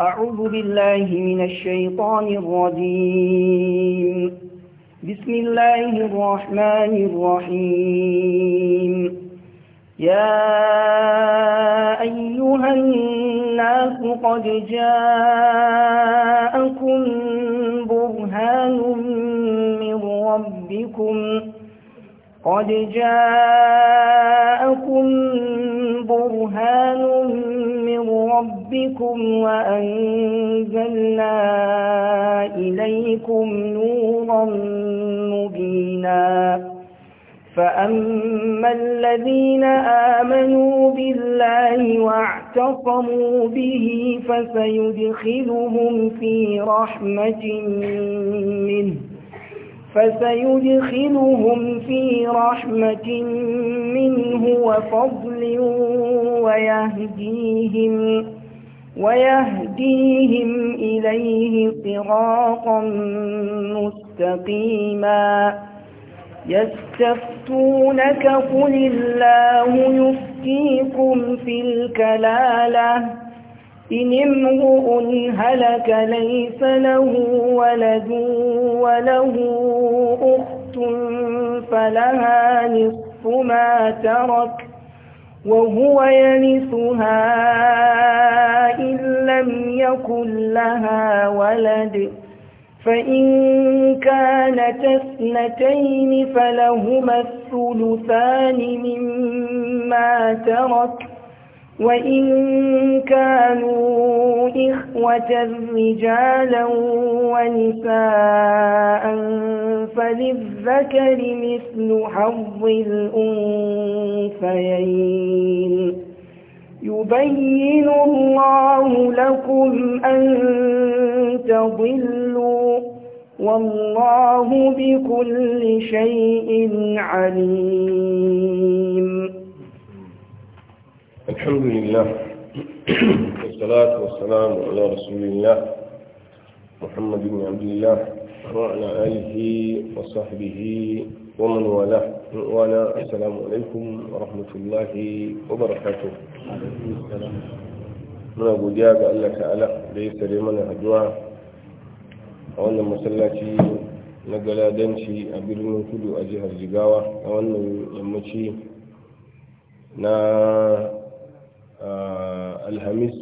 أعوذ بالله من الشيطان الرجيم بسم الله الرحمن الرحيم يا أيها الناس قد جاءكم برهان من ربكم قد جاءكم برهان من ربكم وأنزلنا إليكم نورا مبينا فأما الذين آمنوا بالله واعتصموا به فسيدخلهم في رحمة منه فسيدخلهم في رحمة منه وفضل ويهديهم ويهديهم إليه صراطا مستقيما يستفتونك قل الله يفتيكم في الكلاله إن امرؤ هلك ليس له ولد وله أخت فلها نصف ما ترك وهو يرثها إن لم يكن لها ولد فإن كانت اثنتين فلهما الثلثان مما ترك وإن كانوا إخوة رجالا ونساء فللذكر مثل حظ الأنثيين يبين الله لكم أن تضلوا والله بكل شيء عليم الحمد لله والصلاة والسلام على رسول الله محمد بن عبد الله وعلى آله وصحبه ومن والاه وعلى السلام عليكم ورحمة الله وبركاته من أبو جاب لك تعالى ليس لمن أدعى وأن مسلاتي نقل دنشي أبير من كل أجهر جباوة وأن يمشي na alhamis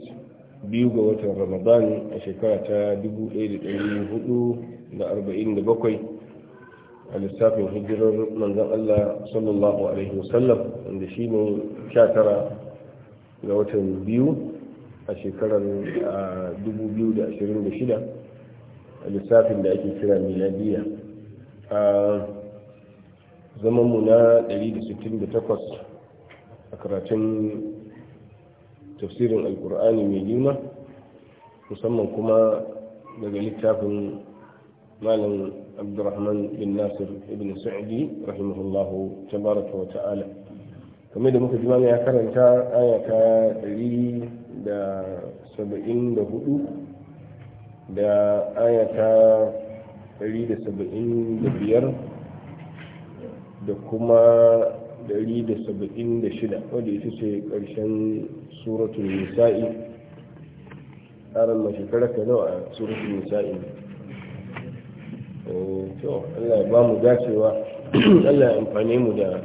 biyu ga watan ramadan a shekara ta 1447 a lissafin hijirar manzan allah sallallahu alaihi wasallam wanda shi ne 19 ga watan biyu a shekarar 2026 a lissafin da ake kira miladiya a zamanmu na 168 a karatun tafsirin alkur'ani mai girma musamman kuma daga littafin malam abdurrahman bin nasir ibn sa'di rahimahullahu tabaraka wa ta'ala kamar da muka ji ya karanta aya ta 174 da aya 175 da kuma 176 wadda ita ce ƙarshen suratun nisa'i tsarin mai shekara ka nawa a suratun nisa'i eh, to allah ba mu dacewa allah amfani mu da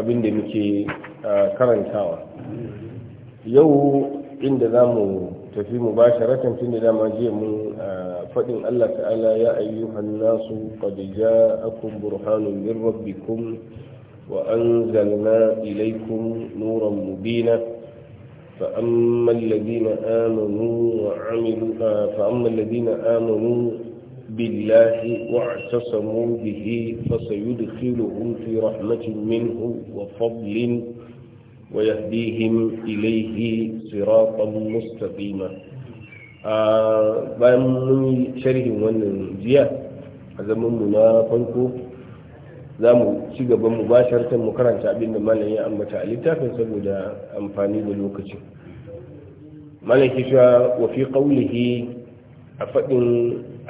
abin da muke karantawa yau inda za mu tafi mu ba sharatan tun da dama jiya mun faɗin Allah ta'ala ya ayyuhan nasu qad ja'akum burhanun min rabbikum وأنزلنا إليكم نورا مبينا فأما الذين آمنوا وعملوا فأما الذين آمنوا بالله واعتصموا به فسيدخلهم في رحمة منه وفضل ويهديهم إليه صراطا مستقيما bayan mun sharhin wannan هذا من zaman za mu ci gaba mu ba shartar mu karanta abin da malam ya ambata a littafin saboda amfani da lokacin malam ke cewa wa fi qawlihi a faɗin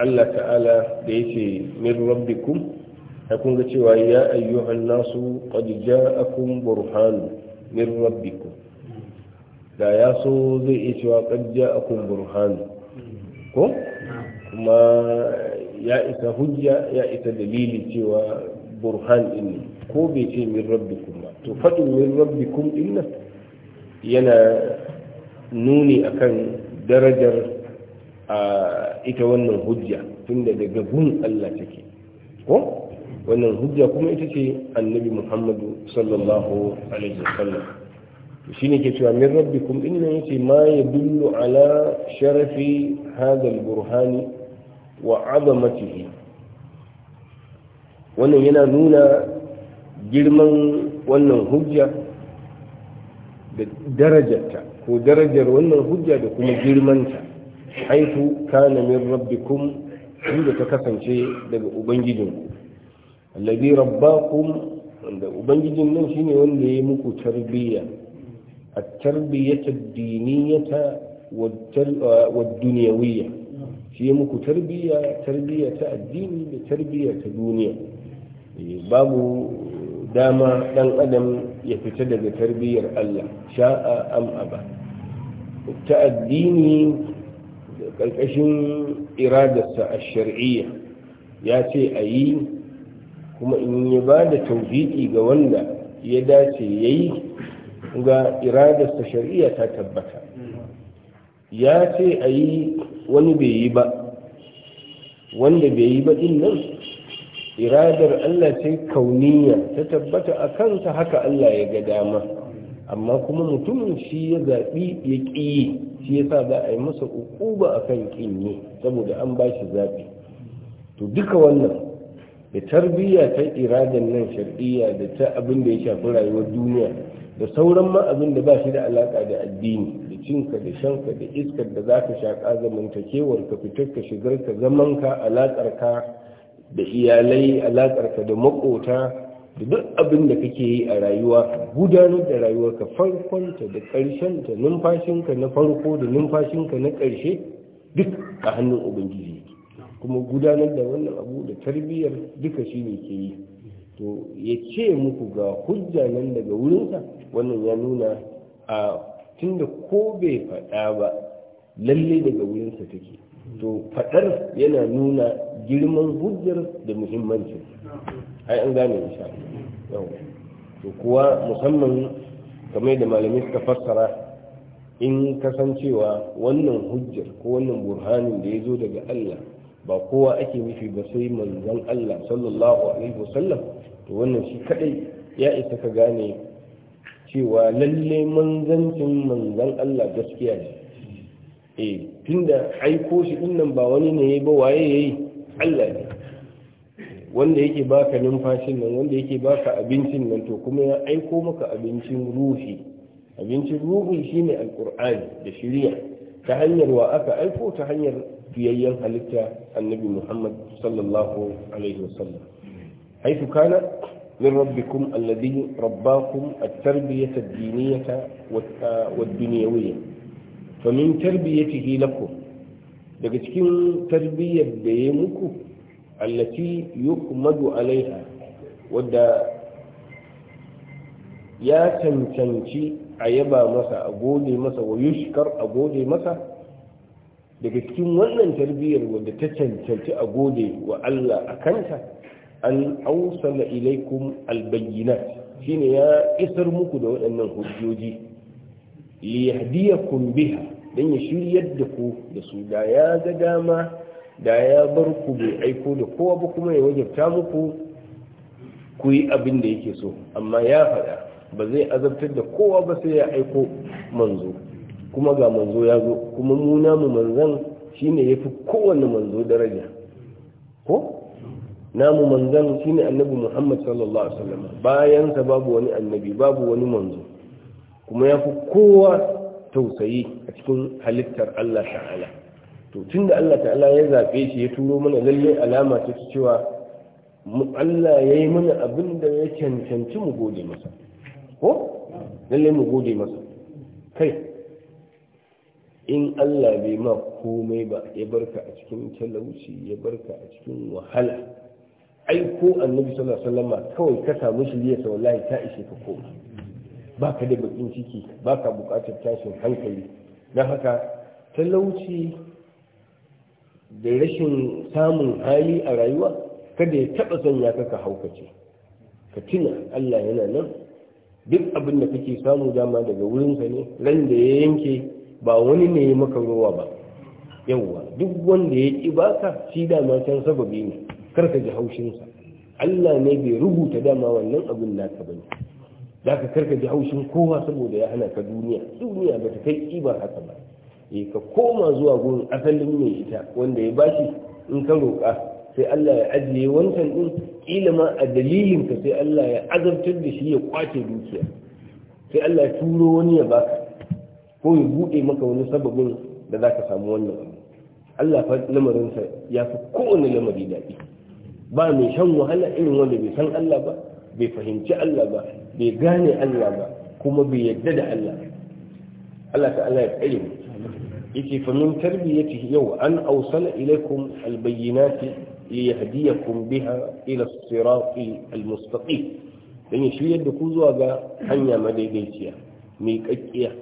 Allah ta'ala da yace min rabbikum ta kun ga cewa ya ayyuhan nasu qad ja'akum burhan min rabbikum da ya so zai iya cewa qad ja'akum burhan ko kuma ya isa hujja ya isa dalili cewa burhan din ne ko bai ce min rabbi ba to faɗin min rabbikum din nan yana nuni akan darajar a ita wannan hujja tunda daga gun Allah take ko wannan hujja kuma ita ce annabi Muhammadu sallallahu alaihi wasallam ne ke cewa min rabbikum inna yace ma yadullu ala sharafi hadha burhani wa azamatihi wannan yana nuna girman wannan hujja da darajarta ko darajar wannan hujja da kuma girmanta haifu kana min rabbikum inda ta kasance daga ubangijinku allazi rabbakum wanda ubangijin nan shine wanda ya muku tarbiyya A tarbiyyata diniyata wa uh, duniyawiyya, shi muku tarbiyya tarbiyya ta addini da tarbiyya ta duniya Eh, babu dama dan adam ya fita daga tarbiyyar Allah sha'a am aba ta addini da iradarsa a shar'iyya ya ce a yi kuma in ya ba da tauziki ga wanda ya dace ya yi ga iradarsa shari'a ta tabbata ya ce a yi wani bai yi ba wanda bai yi ba din nan iradar Allah ce kauniya ta tabbata a kansa haka Allah ya ga dama amma kuma mutumin shi ya zaɓi ya ƙi shi ya sa za a yi masa ƙuƙuba a kan ƙinye saboda an ba shi zaɓi to duka wannan da tarbiyya ta iradar nan shar'iyya da ta abin da ya shafi rayuwar duniya da sauran ma abin da ba shi da alaƙa da addini da cinka da shanka da iskar da za ka shaƙa zamantakewar ka fitar ka shigar ka zamanka alaƙar ka da iyalai alaƙarka da makota da duk abin da kake yi a rayuwa gudanar da rayuwarka farkonta da ƙarshenta numfashinka na farko da numfashinka na ƙarshe duk a hannun ubangiji kuma gudanar da wannan abu da tarbiyyar duka shi ne ke yi to ya ce muku ga hujja nan daga wurinsa wannan ya nuna a tunda ko bai faɗa ba lalle daga wurinsa take to faɗar yana nuna girman hujjar da muhimmanci ai an gane insha Allah to kuwa musamman kamar da malami suka fassara in kasancewa wannan hujjar ko wannan burhanin da ya zo daga Allah ba kowa ake nufi ba sai manzon Allah sallallahu alaihi wasallam to wannan shi kadai ya isa ka gane cewa lalle manzancin manzon Allah gaskiya ne eh tunda aiko shi din nan ba wani ne ba waye yayi Allah ne wanda yake baka numfashin nan wanda yake baka abincin nan to kuma ya aiko maka abincin ruhi abincin ruhi shine alqur'ani da shari'a ta hanyar wa aka aiko ta hanyar biyayyen halitta annabi Muhammad sallallahu alaihi wasallam haythu kana من ربكم الذي رباكم التربية الدينية والدنيوية فمن تربيته لكم daga cikin tarbiyyar da ya muku allati alaiha wadda ya cancanci a yaba masa a gode masa wa yushkar a gode masa daga cikin wannan tarbiyyar wadda ta cancanci a gode wa Allah a kanta an ausala ilaikum albayyinat shine ya isar muku da waɗannan hujjoji li yahdiyakum biha don ya shiryar da ku da su da ya ga dama da ya bar ku bai aiko da kowa ba kuma ya wajabta muku ku yi abin da yake so amma ya faɗa ba zai azabtar da kowa ba sai ya aiko manzo kuma ga manzo ya zo kuma muna mu manzan shine fi kowanne manzo daraja ko namu manzan shine annabi Muhammad sallallahu alaihi wasallam bayan babu wani annabi babu wani manzo kuma ya fi kowa tausayi a cikin halittar Allah ta'ala to tunda Allah ta'ala ya zaɓe shi ya turo mana lalle alama ta cewa Allah ya mana abin da ya cancanci mu gode masa ko lalle mu gode masa kai in Allah bai ma komai ba ya barka a cikin talauci ya barka a cikin wahala ai ko annabi sallallahu alaihi wasallam kawai ka samu shi ya sallallahi ta ishe ka koma ba ka da bakin ciki ba ka bukatar tashin hankali na haka talauci da rashin samun hali a rayuwa kada ya taba sanya ka ka haukace ka tuna Allah yana nan duk abin da kake samu dama daga wurinsa ne ran da ya yanke ba wani ne ya maka rowa ba yawwa duk wanda ya ki baka shi dama can sababi ne kar ka ji haushinsa Allah ne bai rubuta dama wannan abin da ka bane za ka karka ji haushin kowa saboda ya hana ka duniya duniya ba ta kai ibar haka ba e ka koma zuwa gurin asalin mai ita wanda ya bashi in ka roƙa sai Allah ya ajiye wancan din kila ma a dalilin ka sai Allah ya azabtar da shi ya kwace dukiya sai Allah ya turo wani ya baka ko ya bude maka wani sababin da zaka samu wannan abu Allah fa lamarinsa ya fi kowane lamari daɗi ba mai shan wahala irin wanda bai san Allah ba bai fahimci Allah ba bai gane Allah ba kuma bai yadda da Allah Allah ta Allah ya tsare mu yake fa min tarbiyati yau an awsala ilaikum albayyinati liyahdiyakum biha ila as-sirati al-mustaqim dan ya shiryar da ku zuwa ga hanya madaidaiciya mai kakkiya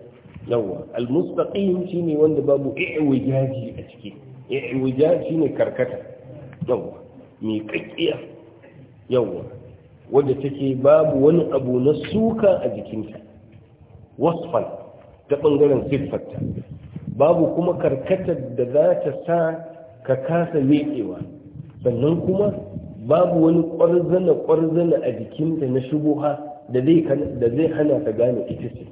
yawa al-mustaqim shine wanda babu i'wijaji a ciki i'wijaji shine karkata yawa mai kakkiya yawa wadda take babu wani abu na suka a jikinta wasfan ta ɓangaren siffarta babu kuma karkatar da za ta sa ka kasa miƙewa sannan kuma babu wani ƙwarzana ƙwarzana a jikinta na shubuha da zai hana ka gane ita ce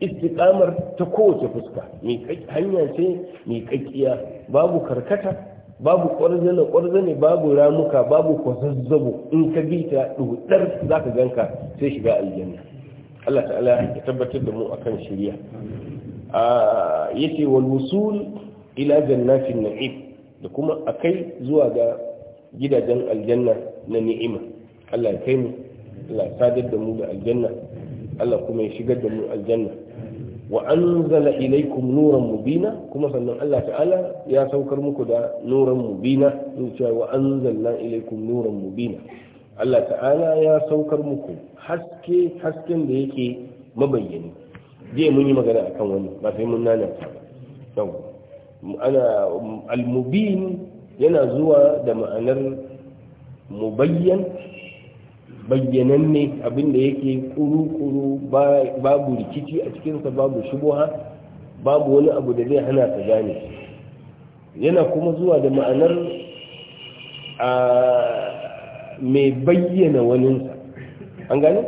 istiƙamar ta kowace fuska hanya ce mai kakkiya babu karkata babu ƙwarzane ƙwarzane babu ramuka babu kwazazzabo in ka bi ta dudar za ka ganka sai shiga aljanna Allah ta'ala ya tabbatar da mu akan shirya a yace wal wusul ila jannatin na'im da kuma akai zuwa ga gidajen aljanna na ni'ima Allah ya kai mu Allah ya sadar da mu da aljanna Allah kuma ya shigar da mu aljanna wa anzala ilaikum nuran mubina kuma sannan Allah ta'ala ya saukar muku da nuran mubina in ce wa anzalna ilaikum nuran mubina Allah ta'ala ya saukar muku haske hasken da yake mabayyani je mun yi magana akan wani ba sai mun nana ta ba ana al-mubin yana zuwa da ma'anar mubayyan bayyananne abin da yake kuru-kuru babu rikici a cikinsa babu shubuha babu wani abu da zai hana ta gane yana kuma zuwa da ma'anar mai bayyana waninsa an gane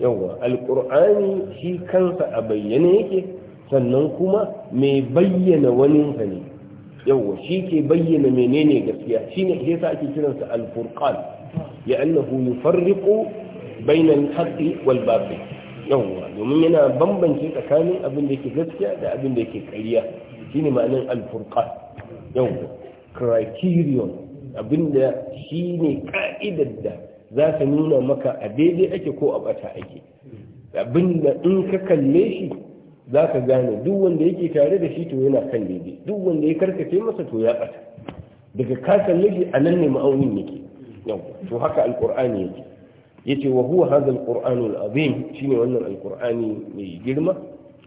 yawwa alkur'ani shi kansa a bayyane yake sannan kuma mai bayyana waninsa ne yawwa shi ke bayyana menene gaskiya shi ne ake kiransa alfurkani Allah لأنه يفرق بين الحق والباطل yawwa domin yana bambance tsakanin abin da yake gaskiya da abin da yake karya, shine ma'anin al-furqan yawwa criterion abin da shine ka'idar da za ta nuna maka a daidai ake ko a bata ake abin da in ka kalle shi za ka gane duk wanda yake tare da shi to yana kan daidai duk wanda ya karkace masa to ya bata daga ka kalle a nan ne ma'aunin yake to haka alkur'ani yake yace wa huwa hadha alqur'anu alazim shine wannan alqur'ani mai girma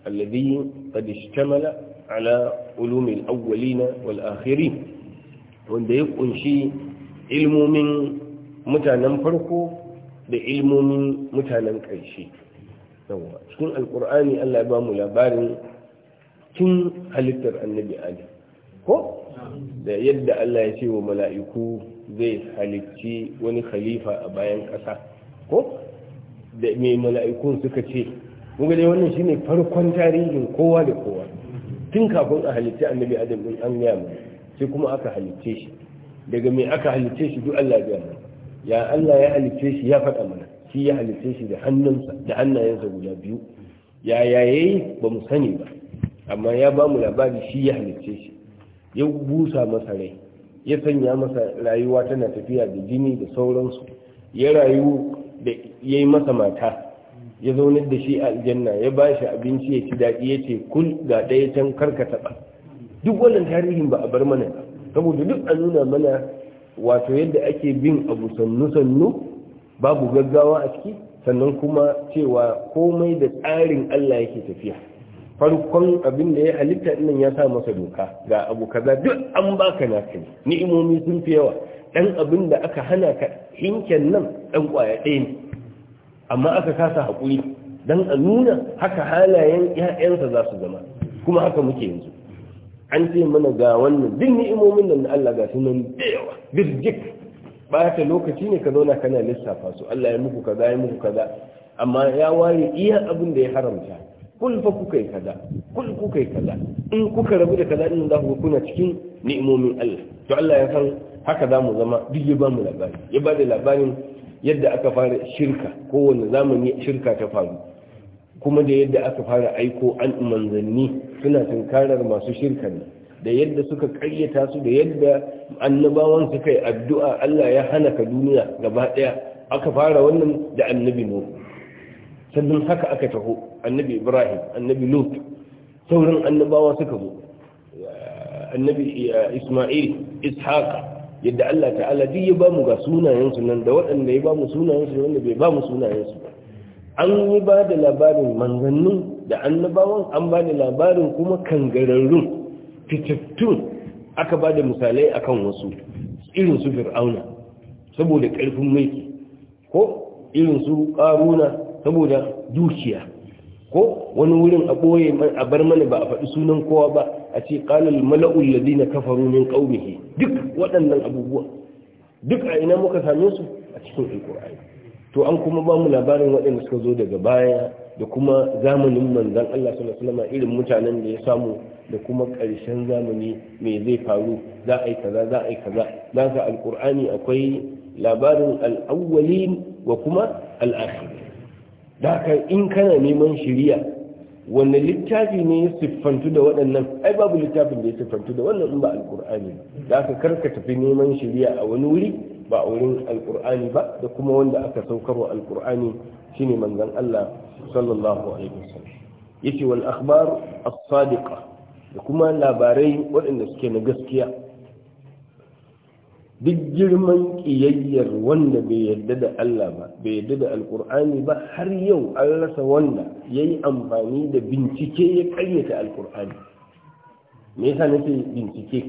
alladhi qad ishtamala ala ulumi alawwalin wal akhirin wanda ya kunshi ilmomin mutanen farko da ilmomin mutanen ƙarshe yawa cikin alkur'ani Allah ya ba mu labarin tun halittar annabi adam ko da yadda Allah ya ce wa mala'iku zai halicci wani khalifa a bayan ƙasa ko da mai mala'ikun suka ce muga dai wannan shine farkon tarihin kowa da kowa tun kafin a halicci annabi adam din an gaya mu sai kuma aka halicce shi daga mai aka halicce shi duk Allah ya ya Allah ya halicce shi ya faɗa mana shi ya halicce shi da hannunsa da hannayensa guda biyu ya yaye ba mu sani ba amma ya ba mu labari shi ya halicce shi ya busa masa rai ya sanya masa rayuwa tana tafiya da jini da sauransu ya rayu da ya yi masa mata ya zaunar da shi a aljanna ya ba shi abinci ya ci daɗi ya ce kul ga ɗaya can karka taɓa duk wannan tarihin ba a bar mana saboda duk a nuna mana wato yadda ake bin abu sannu sannu babu gaggawa a ciki sannan kuma cewa komai da tsarin Allah yake tafiya farkon abin da ya halitta ɗin ya sa masa doka ga abu kaza duk an baka naka ne ni'imomi sun fi yawa ɗan abin da aka hana ka hinken nan ɗan kwaya ɗaya ne amma aka kasa haƙuri Dan a nuna haka halayen ‘ya'yansa za su zama kuma haka muke yanzu an ce mana ga wannan duk ni'imomin nan da Allah ga su nan da yawa birjik ɓata lokaci ne ka zauna kana lissafa su Allah ya muku kaza ya muku kaza amma ya ware iya abin da ya haramta kun fa kuka yi kaza kun kuka yi kaza in kuka rabu da kaza din za ku kuna cikin ni'imomin Allah to Allah ya san haka za mu zama duk ya ba mu labari ya ba da labarin yadda aka fara shirka kowane zamani shirka ta faru kuma da yadda aka fara aiko an manzanni suna tunkarar masu shirka ne da yadda suka karyata su da yadda annabawan suka yi addu'a Allah ya hana ka duniya gaba ɗaya aka fara wannan da annabi Nuhu sannan haka aka taho annabi ibrahim annabi lut sauran annabawa suka zo annabi isma'il ishaq yadda Allah ta'ala duk ya ba mu ga sunayensu nan da waɗanda ya ba mu sunayensu wanda bai ba mu sunayensu an yi ba da labarin manzannin da annabawan an ba da labarin kuma kangararrun fitattun aka ba da misalai akan wasu irin su fir'auna saboda ƙarfin mulki ko irin su ƙaruna saboda dukiya ko wani wurin a ɓoye a bar mana ba a faɗi sunan kowa ba a ce ƙalal mala'ul ladina kafaru min qaumihi duk waɗannan abubuwa duk a ina muka same su a cikin Alƙur'ani, to an kuma ba mu labarin waɗanda suka zo daga baya da kuma zamanin manzan Allah sallallahu alaihi wasallam irin mutanen da ya samu da kuma ƙarshen zamani me zai faru za a yi kaza za a yi kaza dan ka Alƙur'ani akwai labarin al-awwalin wa kuma al da in kana neman shiriya wanne littafi ne ya siffantu da waɗannan ai babu littafin da ya siffantu da wannan in ba alkur'ani da aka karka tafi neman shiriya a wani wuri ba a wurin alkur'ani ba da kuma wanda aka saukar wa alkur'ani shine manzon Allah sallallahu alaihi wasallam yace wal akhbar as-sadiqa da kuma labarai waɗanda suke na gaskiya duk girman ƙiyayyar wanda bai yarda da Allah ba bai yarda da alkur'ani ba har yau an rasa wanda ya yi amfani da bincike ya ƙaryata alkur'ani me yasa nake bincike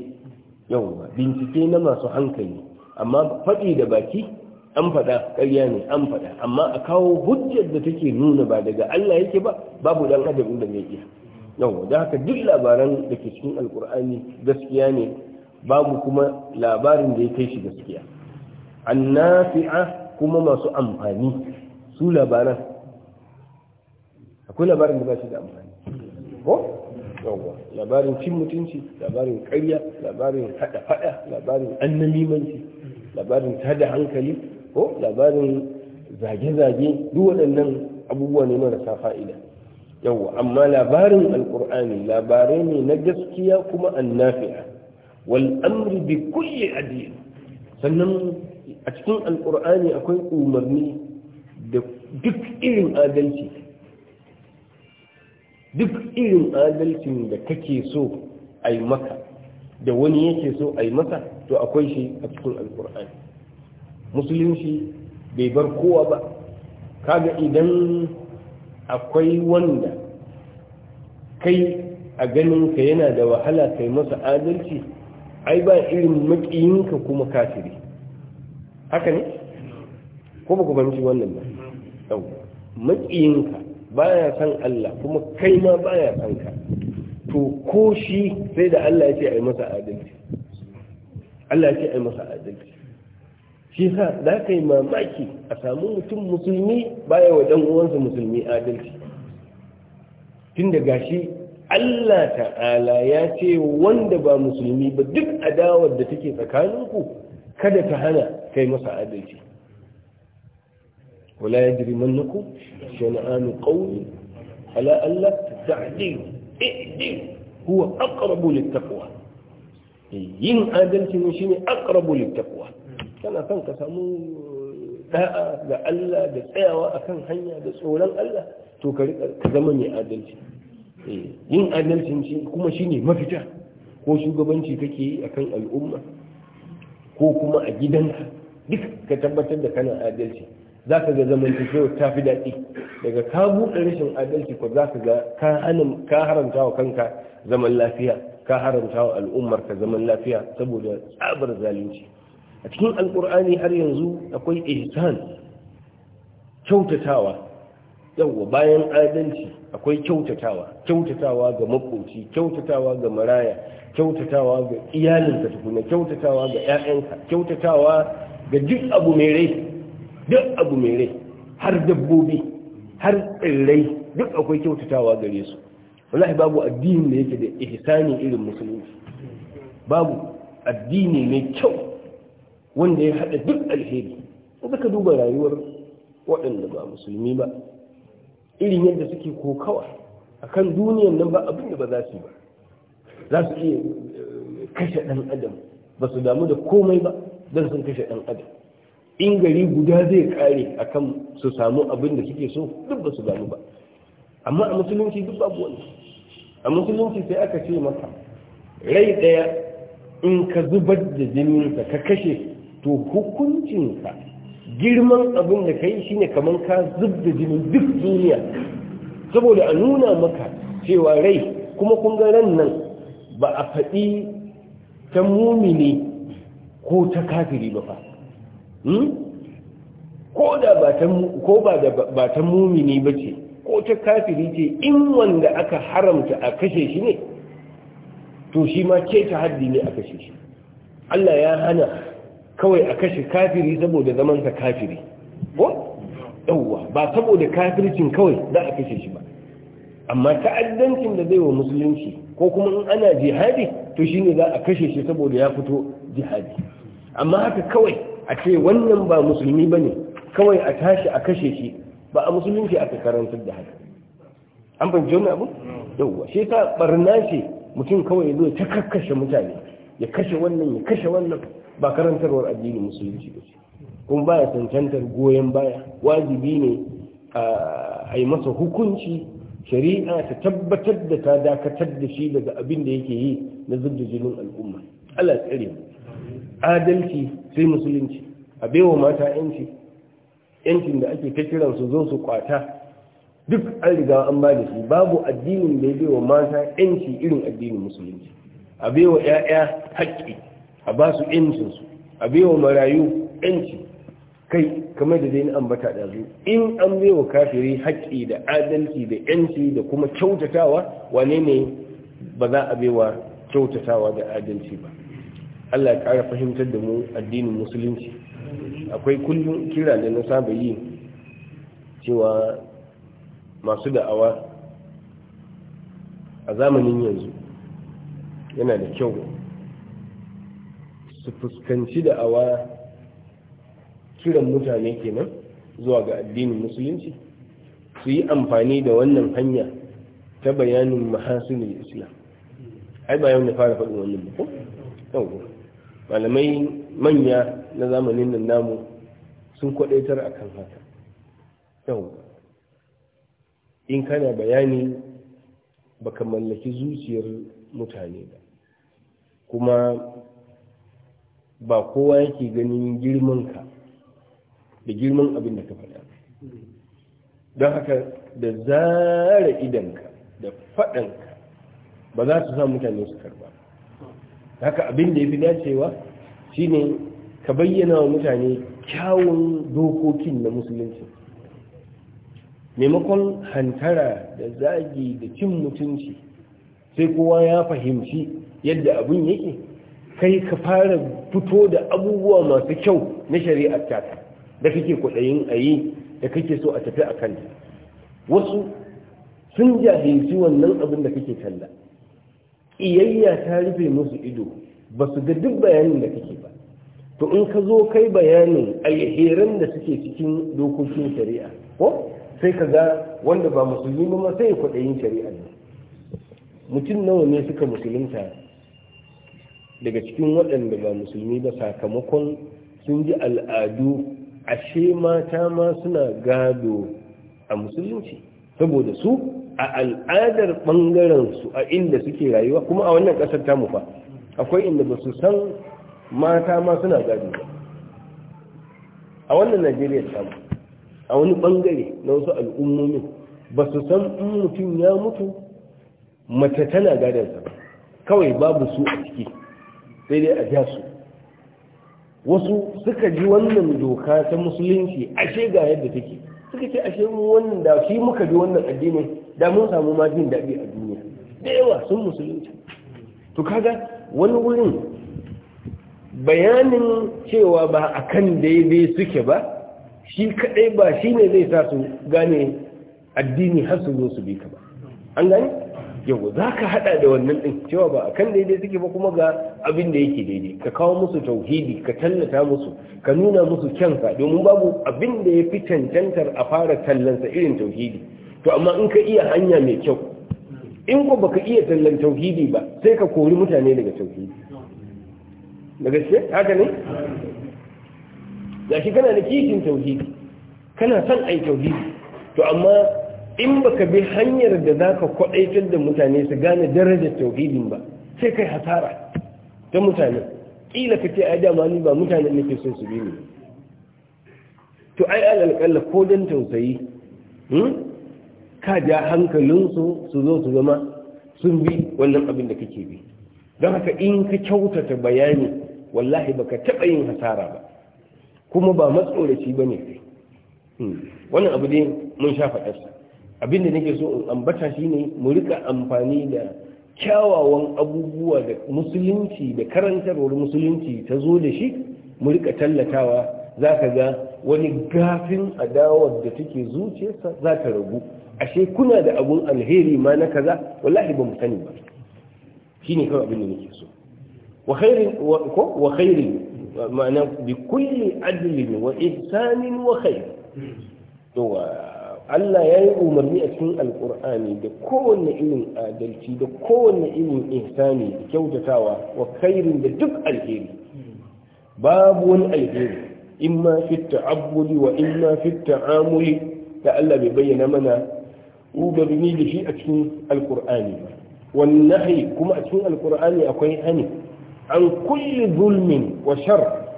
yau ba? bincike na masu hankali amma faɗi da baki an faɗa ƙarya ne an faɗa amma a kawo hujjar da take nuna ba daga Allah yake ba babu dan adabin da zai iya yau da haka duk labaran da ke cikin alkur'ani gaskiya ne babu kuma labarin da ya kai shi gaskiya annafi'a kuma masu amfani su labaran akwai labarin da ba shi da amfani ko yawwa labarin cin mutunci labarin ƙarya labarin hada fada labarin annamimanci labarin tada hankali ko labarin zage-zage duk waɗannan abubuwa ne marasa fa'ida yawwa amma labarin alkur'ani labarai ne na gaskiya kuma annafi'a Wal'amri bi kulli adil sannan a cikin alqur'ani akwai umarni da duk irin adalci duk irin adalcin da kake so a yi maka da wani yake so a yi maka to akwai shi a cikin alkur'ani musulunci bai bar kowa ba kaga idan akwai wanda kai a ganinka yana da wahala kai masa adalci ai ba irin makiyinka kuma kafiri haka ne ko ba ku banci wannan ba makiyinka baya san Allah kuma kai ma baya san ka to ko shi sai da Allah ya ce ai masa adalci Allah ya ce ai masa adalci shi sa za ka yi mamaki a samu mutum musulmi baya wa dan uwansa musulmi adalci tun da gashi Allah ta'ala ya ce wanda ba musulmi ba duk adawar da take tsakaninku kada ta hana kai masa adalci wala yajrimannakum shana'anu qawmi ala alla ta'dilu i'dilu huwa aqrabu littaqwa yin adalci ne shine aqrabu littaqwa kana son ka samu da'a ga Allah da tsayawa akan hanya da tsoron Allah to ka zama mai adalci Eh, yin adalcin kuma shine mafita ko shugabanci kake yi akan al'umma ko kuma a gidanka duk ka tabbatar da kana adalci za ka ga zamantakewar ta fi daɗi daga ka buɗe rashin adalci ko za ka ga ka haramta wa kanka zaman lafiya ka haramta wa al'ummar ka zaman lafiya saboda tsabar zalunci a cikin Alƙur'ani har yanzu akwai ihsan kyautatawa yauwa bayan adalci akwai kyautatawa kyautatawa ga makoci kyautatawa ga maraya kyautatawa ga iyalinka tukuna kyautatawa ga 'ya'yanka kyautatawa ga duk abu mai rai duk abu mai rai har dabbobi har tsirrai duk akwai kyautatawa gare su wallahi babu addini da yake da ihsani irin musulunci babu addini mai kyau wanda ya hada duk alheri ko ka duba rayuwar waɗanda ba musulmi ba irin yadda suke kokawa a kan duniyan nan ba abin da ba za su yi ba za su iya eh, kashe ɗan adam ba su damu da komai ba don sun kashe ɗan adam in gari guda zai kare kan su samu abin da suke so duk ba su damu ba amma a musulunci duk babu wani a musulunci sai aka ce maka rai ɗaya in ka zubar da jininka ka kashe to hukuncinka girman abin da kai ne kamar ka zub da jinin duk duniya saboda a nuna maka cewa rai kuma kun ga nan ba a faɗi ta mumini ko ta kafiri ba fa hmm? ko da ba ta mumini ba ce ko ta kafiri ce in wanda aka haramta a kashe shi ne to shi ma ce ta haddi ne a kashe shi Allah ya hana kawai a kashe kafiri saboda zamanta kafiri ko yawwa ba saboda kafircin kawai za a kashe shi ba amma ta'addancin da zai wa musulunci ko kuma in ana jihadi to shi ne za a kashe shi saboda ya fito jihadi amma haka kawai a ce wannan ba musulmi ba ne, kawai a tashi a kashe shi ba a musulunci aka karantar da haka an ban jona abu yawwa shi ta barna ce mutum kawai ya zo ta kakkashe mutane ya kashe wannan ya kashe wannan ba karantarwar addinin musulunci ba ce kuma ya cancantar goyon baya wajibi ne a yi masa hukunci shari'a ta tabbatar da ta dakatar da shi daga abin da yake yi na zubda jinin al'umma ala tsare mu adalci sai musulunci a baiwa mata yanci yancin da ake ta su zo su kwata duk an riga an ba da shi babu addinin da ya baiwa mata yanci irin addinin musulunci a baiwa 'ya'ya haƙƙi a ba su yancinsu a biyo marayu yanci kai kamar da zai ambata da zu in an biyo kafiri haƙƙi da adalci da yanci da kuma kyautatawa wane ne ba za a baiwa kyautatawa da adalci ba Allah ya ƙara fahimtar da mu addinin musulunci akwai kullum kira da na saba yi cewa masu da'awa a zamanin yanzu yana da kyau su fuskanci da awa kiran mutane kenan zuwa ga addinin musulunci su yi amfani da wannan hanya ta bayanin mahasinin islam ai ba da fara faɗin wannan ba ko yau malamai manya na zamanin nan namu sun kwadaitar a kan haka yau in kana bayani baka mallaki zuciyar mutane ba kuma ba kowa yake ganin girman ka da girman abin da ka faɗa don haka da zara idanka da faɗanka ba za su samu mutane su karba haka abin da ya fi dacewa shine ka bayyana wa mutane kyawun dokokin na musulunci maimakon hantara da zagi da cin mutunci sai kowa ya fahimci yadda abin yake kai ka fara fito da abubuwa masu kyau na shari'ar ta da kake kudayin ayi da kake so a tafi a kanta wasu sun jahilci wannan abin da kake talla iyayya ta rufe musu ido ba su ga duk bayanin da kake ba to in ka zo kai bayanin alheran da suke cikin dokokin shari'a ko sai ka ga wanda ba musulmi ba ma sai kwaɗayin shari'a ne mutum nawa ne suka musulunta daga cikin waɗanda ba musulmi ba sakamakon sun ji al'adu ashe mata ma suna gado a musulunci saboda su a al'adar ɓangarensu a inda suke rayuwa kuma a wannan ƙasar tamu fa akwai inda ba su san mata ma suna gado ba a wannan najeriya tamu a wani ɓangare na wasu al'ummomin ba su san in mutum ya mutu mace tana gadonsa ba kawai babu su a ciki sai dai a ja su wasu suka ji wannan doka ta musulunci ashe ga yadda take suka ce ashe mu wannan da shi muka bi wannan addinin da mun samu ma jin daɗi a duniya da yawa sun musulunci to kaga wani wurin bayanin cewa ba a kan daidai suke ba shi kaɗai ba shi ne zai sa su gane addini har su zo su bi ka ba an gane yau za ka hada da wannan din cewa ba akan daidai suke ba kuma ga abin da yake daidai ka kawo musu tauhidi ka tallata musu ka nuna musu kyanka domin babu abin da ya fi cancantar a fara tallansa irin tauhidi to amma in ka iya hanya mai kyau in ko baka iya tallan tauhidi ba sai ka kori mutane daga tauhidi da gaske haka ne kana da kikin tauhidi kana son ai tauhidi to amma in baka bi hanyar da za ka kwaɗaitar da mutane su gane darajar tauhidin ba sai kai hasara ta mutane ka ce ai yi ni ba mutane nake son su bi ni to ai alƙalla ko dan tausayi hmm, ka ja hankalinsu su zo su zama sun bi wannan abin da kake bi don haka in ka kyautata bayani wallahi ba ka taɓa yin hasara ba kuma ba matsoraci ba ne hmm, wannan abu ne mun shafa faɗarsa abin da nake so in ambata shine mu rika amfani da kyawawan abubuwa da musulunci da karantarwar musulunci ta zo da shi mu rika tallatawa za ka ga wani gafin adawar da take zuciyarsa za ta ragu ashe kuna da abun alheri ma na kaza wallahi ba mu sani ba shine kawai abin da nake so wa ko wa ma'ana bi kulli adlin wa ihsanin wa khair to Allah ya yi umarni a cikin alkur'ani da kowane irin adalci da kowanne irin ihsani da kyautatawa wa khairin da duk alheri babu wani alheri ma fi ta'abbudi wa ma fi ta'amuli da Allah bai bayyana mana umarni da shi a cikin alkur'ani wan kuma a cikin alkur'ani akwai hani an kulli zulmin wa shar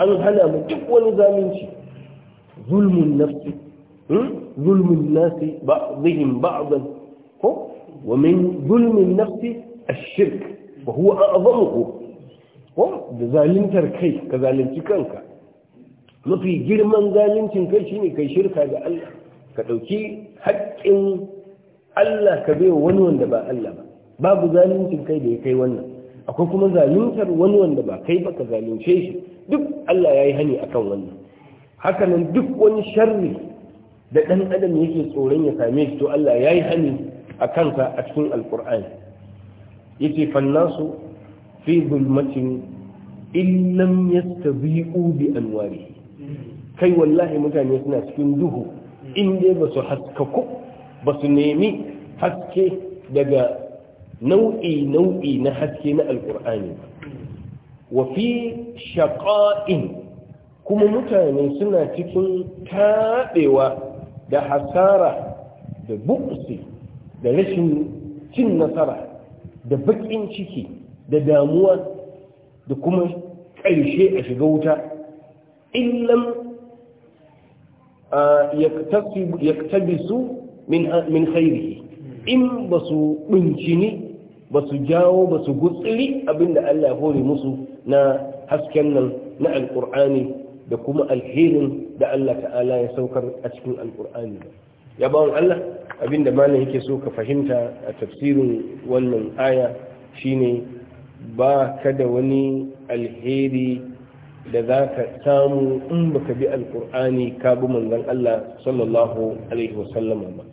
an hana mu duk wani zalunci zulmun nafsi zulmin nasi ba'dihim ba'dan ko wa min zulmin nafsi ash-shirk wa huwa a'zamuhu ko da zaluntar kai ka zalunci kanka mafi girman zaluncin kai shine kai shirka da Allah ka dauki haƙƙin Allah ka bai wani wanda ba Allah ba babu zaluncin kai da ya kai wannan akwai kuma zaluntar wani wanda ba kai ba ka zalunce shi duk Allah ya yi hani akan wannan Hakanan duk wani sharri da ɗan adam yake tsoron ya same shi to Allah ya yi hani a kansa a cikin alƙur'ani ya ce fannasu fi zulmatin illam yastabi'u bi anwari kai wallahi mutane suna cikin duhu in dai ba su haskaku ba su nemi haske daga nau'i nau'i na haske na alƙur'ani ba wa fi shaƙa'in kuma mutane suna cikin taɓewa da hasara da bukusi da rashin cin nasara da bakin ciki da damuwa da kuma ƙarshe a shiga wuta illam ah, yaktabisu min khairihi in ba su ni, ba su jawo ba su gutsiri abinda Allah ya hore musu na hasken nan na alƙur'ani da kuma alherin da Allah ta'ala ya saukar a cikin alkur'ani ba ya bawon Allah abinda malam yake so ka fahimta a tafsirin wannan aya shine ba ka da wani alheri da za ka samu in baka bi alkur'ani ka bi manzon Allah sallallahu alaihi wasallam ba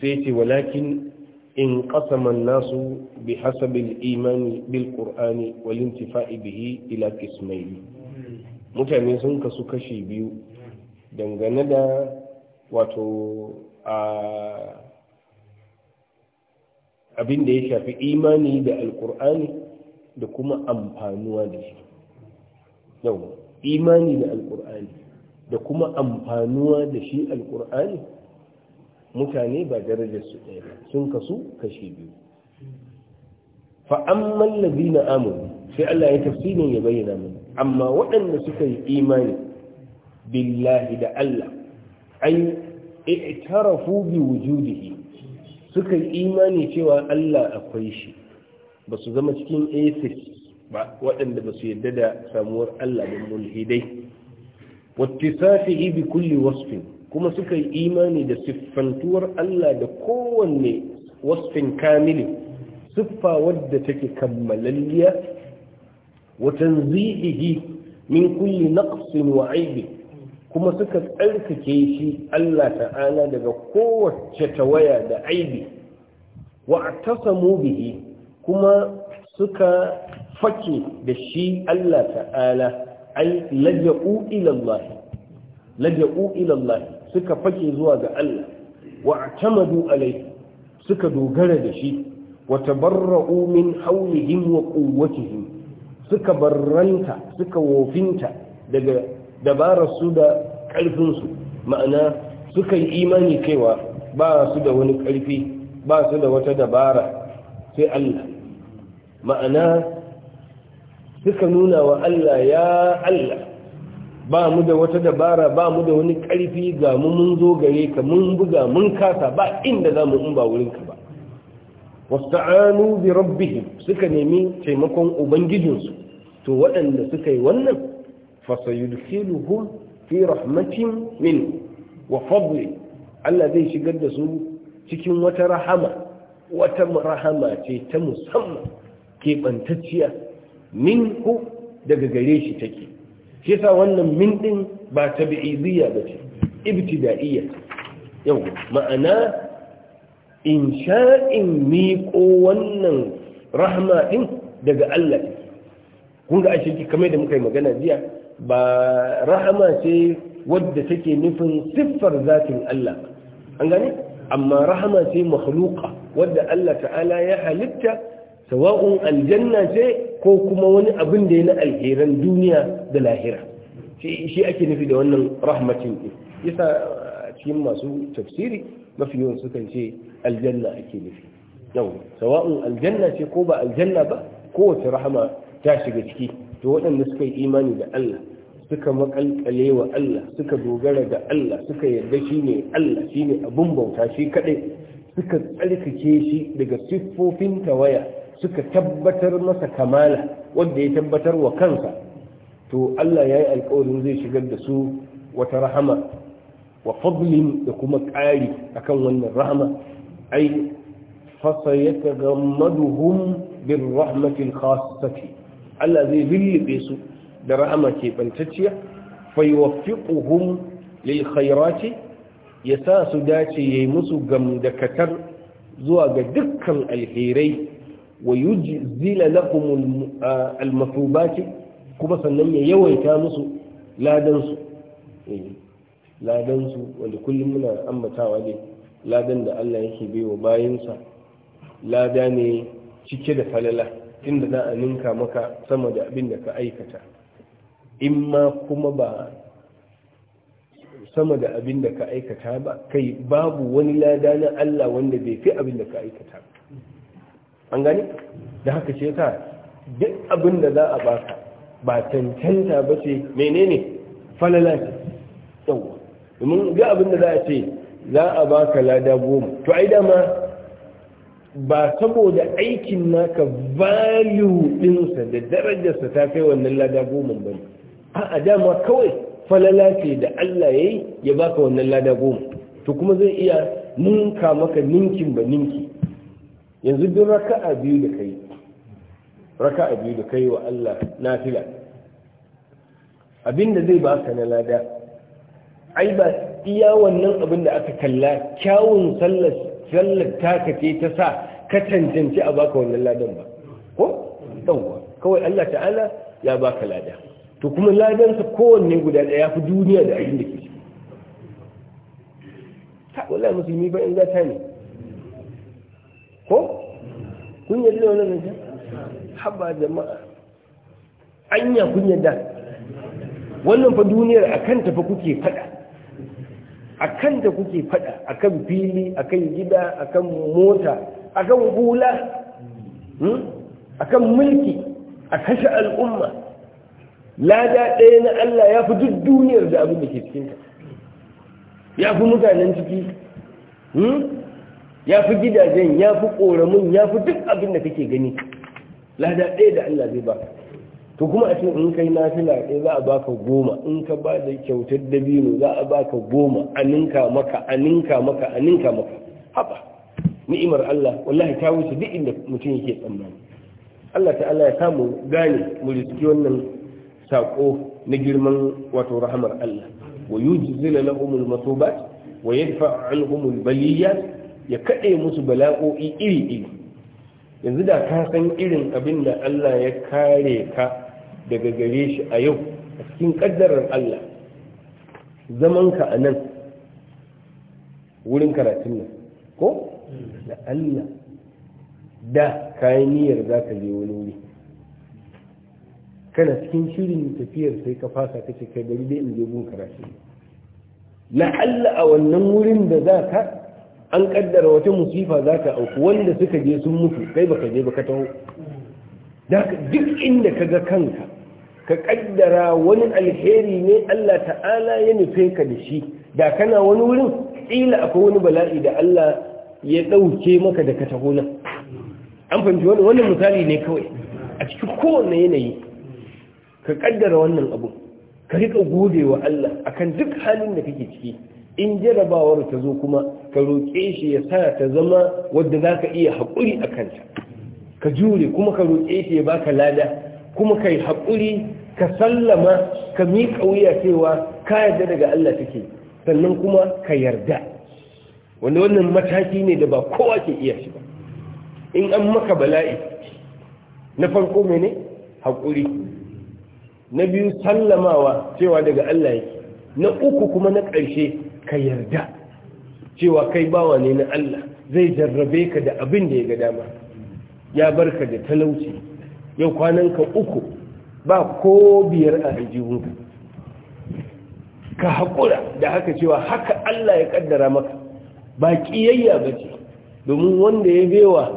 sai ce walakin in qasama nasu bi hasabil imani bil qur'ani wal intifa'i bihi ila qismayni mutane sun kasu kashi biyu dangane da wato abin da ya shafi imani da alkur'ani da kuma amfanuwa da shi yau imani da alkur'ani da kuma amfanuwa da shi alkur'ani mutane ba darajar su ɗaya sun kasu kashi biyu fa'amman na amur sai Allah ya tafsirin ya bayyana mana amma waɗanda suka yi imani billahi da Allah ai i'tarafu bi wujudihi suka yi imani cewa Allah akwai shi ba su zama cikin atheist ba waɗanda ba su yadda da samuwar Allah da mulhidai wattisafihi bi kulli wasfin kuma suka yi imani da siffantuwar Allah da kowanne wasfin kamilin siffa wadda take kammalalliya wa tanzihihi min kulli naqsin wa aibi kuma suka tsarkake shi Allah ta'ala daga kowace tawaya da aibi wa atasamu bihi kuma suka fake da shi Allah ta'ala ai laja'u ila Allah laja'u ila Allah suka fake zuwa ga Allah wa atamadu alai suka dogara da shi wa tabarra'u min hawlihim wa quwwatihim suka barranta suka wofinta daga dabararsu da ƙarfinsu ma'ana suka yi imani kaiwa ba su da wani ƙarfi ba su da wata dabara sai Allah ma'ana suka nuna wa Allah ya Allah ba mu da wata dabara ba mu da wani ƙarfi ga mu mun zo gare ka mun buga mun kasa ba inda za mu in wurinka ba wasta'anu bi rabbihim suka nemi taimakon ubangijinsu to waɗanda suka yi wannan fasayudkhiluhum fi rahmatin min wa fadli Allah zai shigar da su cikin wata rahama wata rahama ce ta musamman keɓantacciya min ku daga gare shi take shi yasa wannan min ɗin ba tabi'idiyya ba ce ibtida'iyya yau ma'ana in sha'in miƙo wannan rahama ɗin daga Allah kun ga ashe kamar da muka yi magana jiya ba rahama ce wadda take nufin siffar zatin Allah an gane amma rahama ce makhluqa wadda Allah ta'ala ya halitta sawa'un aljanna ce ko kuma wani abin da ya na alheran duniya da lahira shi ake nufi da wannan rahmatin ɗin yasa cikin masu tafsiri mafi yawan sukan ce aljanna ake nufi yau sawa'un aljanna ce ko ba aljanna ba kowace rahama ta shiga ciki to waɗanda suka yi imani da Allah suka makalkale wa Allah suka dogara ga Allah suka yarda shi ne Allah shi ne abin bauta shi kaɗai suka tsarkake shi daga siffofin tawaya suka tabbatar masa kamala wanda ya tabbatar wa kansa to Allah ya yi alkawarin zai shigar da su wata rahama wa fadlin da kuma ƙari akan wannan rahama أي فسيتغمدهم بالرحمة الخاصة الذي بالبيس برحمة بنتتية فيوفقهم للخيرات يساس داتي يمس قمدكتر زواج دكا الهيري ويجزل لكم المثوبات كما سنم يوي كامس لا دنسوا لا دنسوا ولكل منا أمتاوا ليه ladan da Allah yake bai wa bayinsa lada ne cike da falala inda za a ninka maka sama da abin da ka aikata in ma kuma ba sama da abin da ka aikata ba kai babu wani lada na Allah wanda bai fi abin da ka aikata an gani da haka ce ka duk abin da za a baka ba tantanta ba ce menene falala ce yawwa domin ga abin da za a ce za a ba ka lada goma to ai dama ba saboda aikin naka value ɗinsa da darajarsa ta kai wannan lada goma ba ne a dama kawai falala ce da Allah ya ya baka wannan lada goma to kuma zai iya ninka maka ninkin ba ninki yanzu duk a biyu da kai Raka a biyu da kai wa Allah nafila abinda zai baka na lada ai ba iya wannan abin da aka kalla kyawun sallar taka ce ta sa ka cancanci a baka wannan ladan ba ko ɗanwa kawai Allah ta'ala ya baka lada to kuma ladansa kowanne guda ɗaya ya fi duniya da abin da ke ciki ta wala musulmi ba in za ta ne ko kun da wannan zance haba jama'a anya kun da wannan fa duniyar a kanta fa kuke fada akan da kuke fada akan fili akan gida akan mota akan hula hmm? akan mulki a kashe al'umma lada ɗaya na Allah ya fi duk duniyar da abin da ke cikinta ya fi mutanen ciki hmm? ya fi gidajen ya fi ƙoramin ya fi duk abin da kake gani lada ɗaya da Allah zai ba to kuma a in kai nafila ɗaya za a baka goma in ka ba da kyautar dabino za a baka goma a ninka maka a ninka maka a ninka maka haɓa ni'imar Allah wallahi ta wuce duk inda mutum yake tsammani Allah ta'ala ya samu gane mu riski wannan sako na girman wato rahamar Allah wa yujzila lahum al-masubat wa yadfa anhum al-baliyat ya kade musu bala'o'i iri iri yanzu da ka san irin abin da Allah ya kare ka daga gare shi a yau a cikin ƙaddarar Allah zamanka a nan wurin karatun nan ko da Allah da kayan niyyar za ka je wani wuri kana cikin shirin tafiyar sai ka fasa ka ce kai gari dai in je gun karatu Allah a wannan wurin da za ka an kaddara wata musifa za ka auku wanda suka je sun mutu kai baka je ba ka taho duk inda ka ga kanka ka kaddara wani alheri ne Allah ta'ala ya nufe ka da shi da kana wani wurin ƙila akwai wani bala'i da Allah ya ɗauke maka da ka taho an fahimci wani wannan misali ne kawai a cikin kowane yanayi ka kaddara wannan abu ka rika gode wa Allah akan duk halin da kake ciki in jarabawar ta zo kuma ka roƙe shi ya sa ta zama wadda za ka iya haƙuri a kanta ka jure kuma ka roƙe shi ya baka lada kuma ka yi haƙuri ka sallama ka miƙa wuya cewa ka yarda daga Allah take sannan kuma ka yarda wanda wannan mataki ne da ba kowa ke iya shi ba in an maka bala'i na farko mene haƙuri na biyu sallamawa cewa daga Allah yake na uku kuma na ƙarshe ka yarda cewa kai bawa ne na Allah zai jarrabe ka da abin da ya ga dama ya barka da talauci yau kwananka uku ba ko biyar a aljihunka ka haƙura da haka cewa haka Allah ya ƙaddara maka ba ƙiyayya ba ce domin wanda ya bewa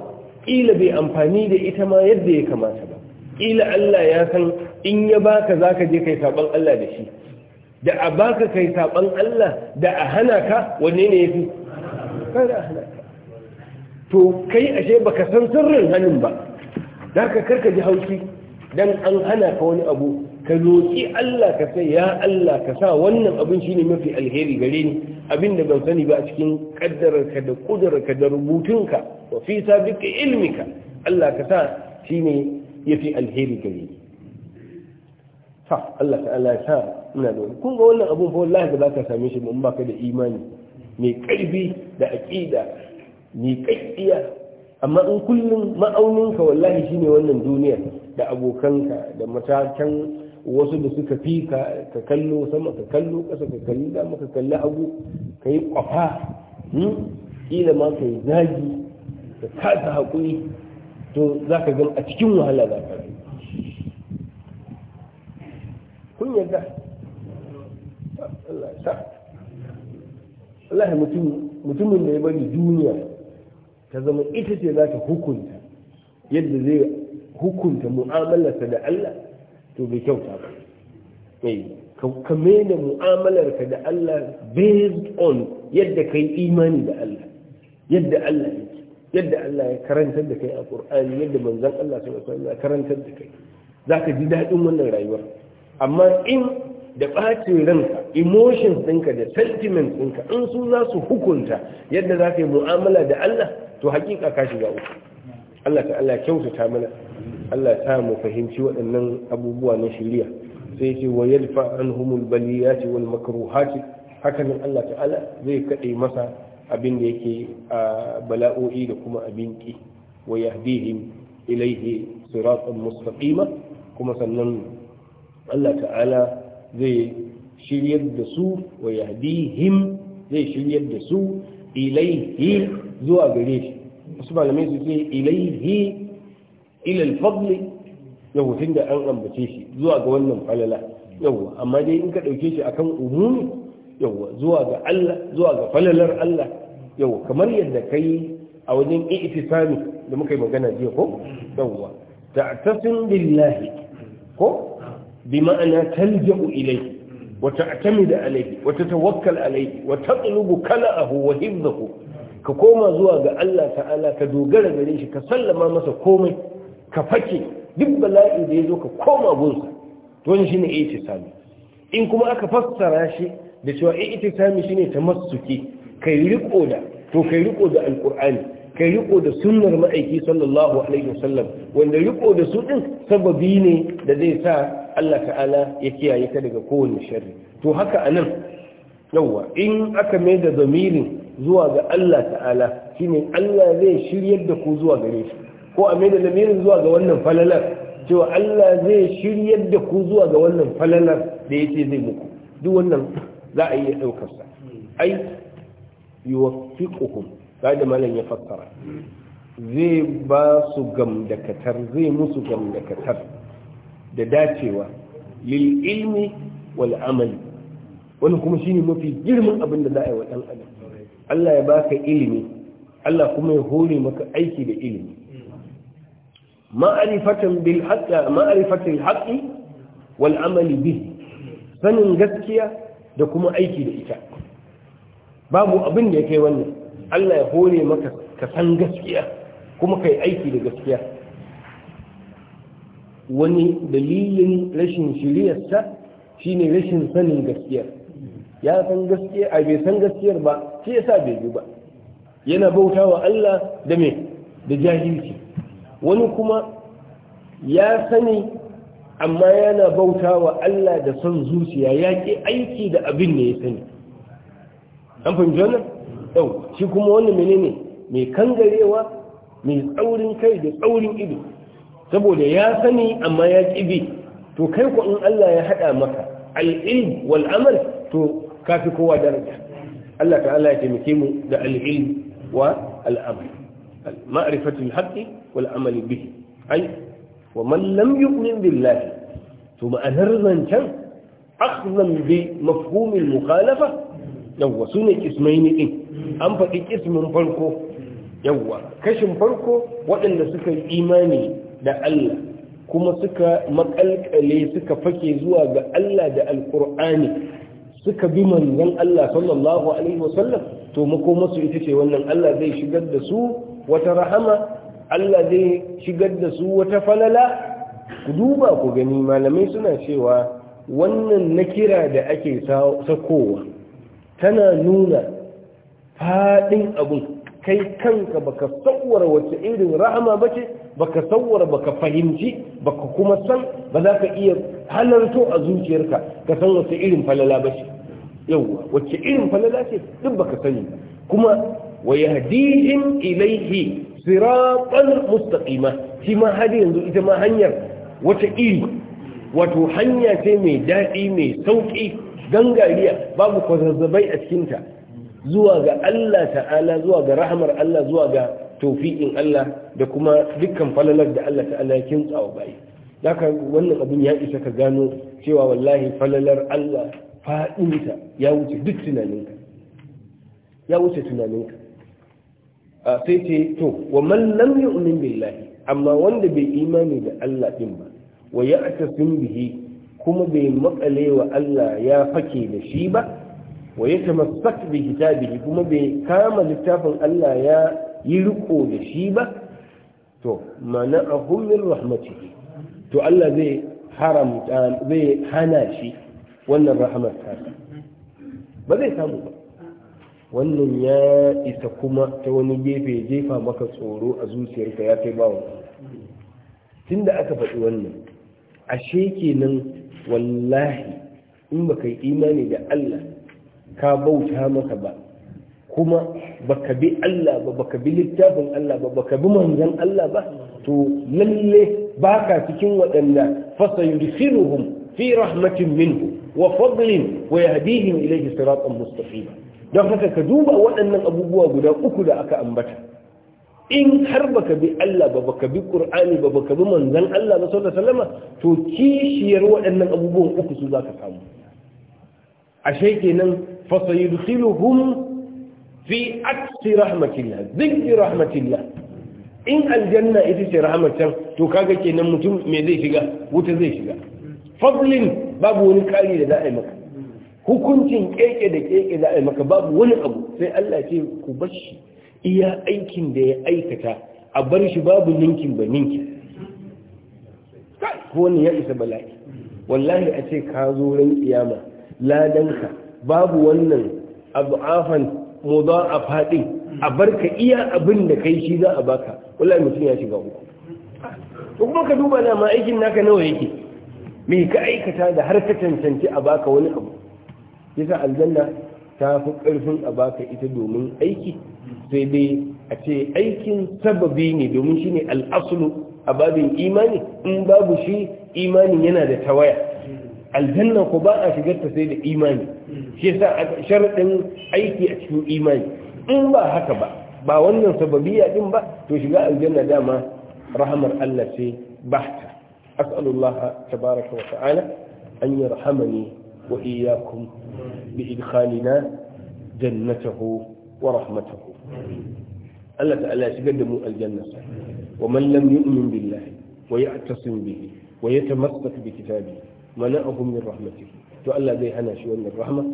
ƙila bai amfani da ita ma yadda ya kamata ba ƙila Allah ya san in ya baka za ka je kai saɓon Allah da shi da a baka kai saɓon Allah da a hana ka wanne ne ya fi kada hana ka to kai ashe baka san sirrin hannun ba da ka karka ji haushi dan an hana ka wani abu ka roƙi Allah ka sai ya Allah ka sa wannan abin shine mafi alheri gare ni abinda ban sani ba a cikin kaddararka da kudurarka da rubutunka wa fi sabiqi ilmika Allah ka sa shine yafi alheri gare ni ha Allah ta'ala ya sa ina da kun ga wannan abun fa wallahi da zaka same shi mun baka da imani mai karfi da aqida mai kakkiya amma in kullum ma'auninka wallahi shine wannan duniyar da abokanka da matakan wasu da suka fi ka kallo sama ka kallo ƙasa ka kalli da ka kalli abu ka yi ƙwafa hmm? ƙila ma ka yi zagi ka kasa haƙuri to za ka gan a cikin wahala za ka kun yarda Allah ya mutum mutumin da ya bari duniya ta zama ita ce za ta hukunta yadda zai hukunta mu'amalarsa da Allah to bai kyauta ba mai eh, ka da mu'amalarka da Allah based on yadda ka yi imani da Allah yadda Allah yake yadda Allah ya karantar da kai a Qur'ani yadda manzon Allah sallallahu alaihi ya karantar da kai Za ka ji daɗin wannan rayuwar amma in da ɓacin ranka emotions ɗinka da sentiments ɗinka in su za su hukunta yadda za ka yi mu'amala da Allah to hakika ka shiga uku Allah ta Allah kyautata mana Allah ta mu fahimci waɗannan abubuwa na shari'a sai ce wa yalfa anhumul baliyati wal makruhati hakanan Allah ta'ala zai kade masa abin da yake a bala'o'i da kuma abin ki wa yahdihim ilaihi siratan mustaqima kuma sannan Allah ta'ala zai shiryar da su wa yahdihim zai shiryar da su ilaihi zuwa gare shi wasu malamai su ce ilaihi ilal fadli yau tun da an ambace shi zuwa ga wannan falala yau amma dai in ka ɗauke shi akan umumi yau zuwa ga Allah zuwa ga falalar Allah yau kamar yadda kai a wajen i'tisami da muka yi magana jiya ko yawwa ta'tasim billahi ko bi ma'ana talja'u ilayhi wa ta'tamid alayhi wa tatawakkal alayhi wa tatlubu kala'ahu wa hifdhahu ka koma zuwa ga Allah ta'ala ka dogara gare shi ka sallama masa komai ka fake duk bala'i da ya zo ka koma gunsa don shi ne itisami in kuma aka fassara shi da cewa tisami shi ne ta masuki kai riko da to kai riko da alkur'ani kai riko da sunnar ma'aiki sallallahu alaihi wasallam wanda riko da su sababi ne da zai sa Allah ta'ala ya kiyaye ka daga kowane sharri to haka anan yawa in aka mai da zamirin zuwa ga Allah ta'ala shine Allah zai shiryar da ku zuwa gare shi ko a mai da lamirin zuwa ga wannan falalar cewa Allah zai shiryar da ku zuwa ga wannan falalar da ce zai muku duk wannan za a iya daukar sa ai yuwaffiquhum sai da malam ya fassara zai ba su gamdakatar zai musu gamdakatar da dacewa lil ilmi wal amali Wani kuma shine mafi girman abin da za a yi wa dan adam Allah ya baka ilimi Allah kuma ya hore maka aiki da ilimi ma'arifatan bil wal'amali bi amali sanin gaskiya da kuma aiki da ita babu abin da kai wannan Allah ya hore maka ka san gaskiya kuma yi aiki da gaskiya wani dalilin rashin shiriyarsa shine rashin sanin gaskiya ya san gaskiya a bai san gaskiyar ba shi yasa bai bi ba yana bautawa Allah da me da jahilci wani kuma ya sani amma yana bautawa Allah da son zuciya ya aiki da abin da ya sani an fahimci wannan yau shi kuma wani menene mai kangarewa mai tsaurin kai da tsaurin ido saboda ya sani amma ya ƙi bi to kai ku in Allah ya haɗa maka al wal amal to kafi kowa daraja Allah ta'ala ya taimake mu da al wa al-amal haqqi wal amali bihi ai wa man lam yu'min billahi to ma'anar zancan akhzan bi mafhum al-mukhalafa yawwa sune kismaini din an faɗi kismin farko yawwa kashin farko waɗanda suka yi imani da Allah kuma suka makalkale suka fake zuwa ga Allah da alkur'ani suka bi manzon Allah sallallahu alaihi wasallam to makomarsu ita ce wannan Allah zai shigar da su wata rahama Allah zai shigar da su wata falala ku duba ku gani malamai suna cewa wannan na kira da ake sakowa tana nuna faɗin abun kai kanka baka tsawara wacce irin rahama bace baka tsawara baka fahimci baka kuma san ba za ka iya halarto a zuciyarka ka san wacce irin falala bace Yau, wacce irin falala ce duk baka sani kuma wa yahdihim ilaihi, siratan mustaqima shi ma hadi yanzu ita ma hanyar wata iri wato hanya ce mai daɗi mai sauƙi gangariya babu kwazazzabai a cikinta zuwa ga Allah ta'ala zuwa ga rahamar Allah zuwa ga taufiƙin Allah da kuma dukkan falalar da Allah ta'ala ya kintsawa bayi zaka wannan abin ya isa ka gano cewa wallahi falalar Allah faɗinta ya wuce duk tunaninka ya wuce tunaninka sai ce to wa man lam yu'min billahi amma wanda bai imani da Allah din ba wa ya'tasim bihi kuma bai makale wa Allah ya fake da shi ba wa yatamassak bi kitabihi kuma bai kama littafin Allah ya yi riko da shi ba to mana'ahum min rahmatihi to Allah zai haramta zai hana shi wannan rahamar ta ba zai samu ba wannan ya isa kuma ta wani gefe ya jefa maka tsoro a zuciyarka ya kai ba tun da aka faɗi wannan ashe kenan wallahi in baka yi imani da Allah ka bauta maka ba kuma baka bi Allah ba ka bi littafin Allah ba baka bi manzan Allah ba to lalle baka cikin waɗanda fasa yudkhiluhum fi rahmatin minhu wa fadlin wa yahdihim ilayhi siratan mustaqima don haka ka duba waɗannan abubuwa guda uku da aka ambata in har baka bi Allah ba baka bi kur'ani ba baka bi manzon Allah na sallallahu to kishiyar waɗannan abubuwan uku su ka samu ashe kenan fasayudkhiluhum fi aksi rahmatillah zikri rahmatillah in aljanna ita ce rahmatan to kaga kenan mutum me zai shiga wuta zai shiga fadlin babu wani kari da za a yi maka hukuncin keke da keke za a yi maka babu wani abu sai Allah ce ku bar shi iya aikin da ya aikata a bar shi babu ninkin ba ninkin ko wani ya isa bala'i wallahi a ce ka zo ran kiyama ladanka babu wannan abu'afan afan din a barka iya abin da kai shi za a baka wallahi mutum ya shiga uku to kuma ka duba da ma aikin naka nawa yake me ka aikata da har ka cancanci a baka wani abu yasa aljanna ta fi ƙarfin a baka ita domin aiki sai dai a ce aikin sababi ne domin shine al'asulu a babin imani in babu shi imanin yana da tawaya aljanna ko ba a shigar ta sai da imani shi yasa sharaɗin aiki a cikin imani in ba haka ba ba wannan sababi ya ɗin ba to shiga aljanna dama rahamar Allah sai bahta أسأل الله تبارك وتعالى أن يرحمني وإياكم بإدخالنا جنته ورحمته الله تعالى تقدموا الجنة ومن لم يؤمن بالله ويعتصم به ويتمسك بكتابه منعهم من رحمته تؤلى به أنا شيء من الرحمة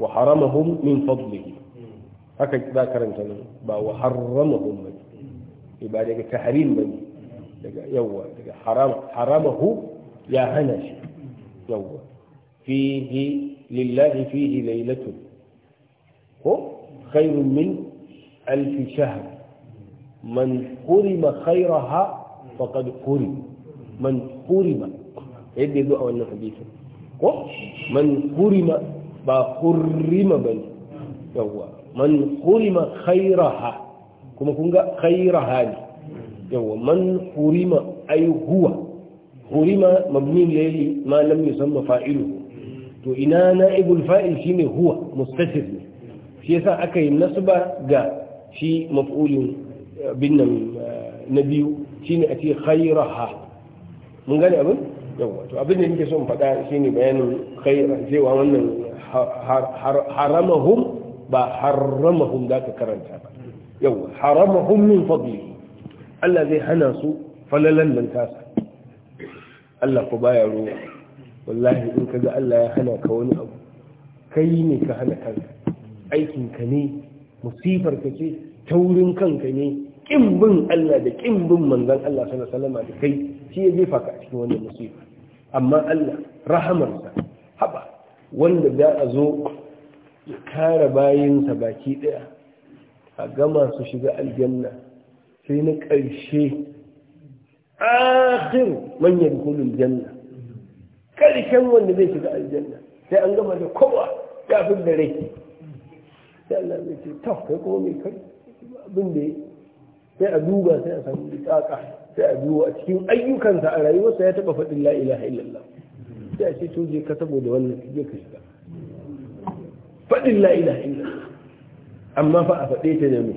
وحرمهم من فضله هكذا ذاكر انت وحرمهم من عبادك تحريم من يوى حرام حرمه يا هنش يوى فيه لله فيه ليلة خير من ألف شهر من حرم خيرها فقد حرم من حرم يدي دعوة النحديث من حرم با حرم بل يوى من حرم خيرها كما كنت خيرها لي. yawa man hurima ay huwa hurima mabni layli ma lam yusamma fa'ilu to ina na'ibul fa'il shine huwa mustatir ne shi yasa aka yi nasba ga shi maf'ulin bin nan na biyu shine a ce khairaha mun gane abin yawa to abin da nake so in faɗa shine bayanin khaira cewa wannan haramahum ba haramahum da ka karanta ba yawa haramahum min fadli Allah zai hana su falalan nan tasa Allah ku baya ruwa wallahi in ka ga Allah ya hana ka wani abu kai ne ka hana kanka aikin ka ne musifar ka ce taurin kanka ne kin bin Allah da kin bin manzon Allah sallallahu alaihi wasallam da kai shi ya jefa ka cikin wannan musifa amma Allah rahamarsa haba wanda za a zo ya kare bayinsa baki daya a gama su shiga aljanna sai na ƙarshe akhir man yadkhulul janna ƙarshen wanda zai shiga aljanna sai an gama da kowa ya fi da rai sai Allah zai ce ta kai kuma mai kai abin da sai a duba sai a samu tsaka, sai a duba a cikin ayyukansa a rayuwarsa ya taba faɗin la ilaha illallah sai a ce to je ka saboda wannan je ka shiga faɗin la ilaha illallah amma fa a faɗe ta ne mai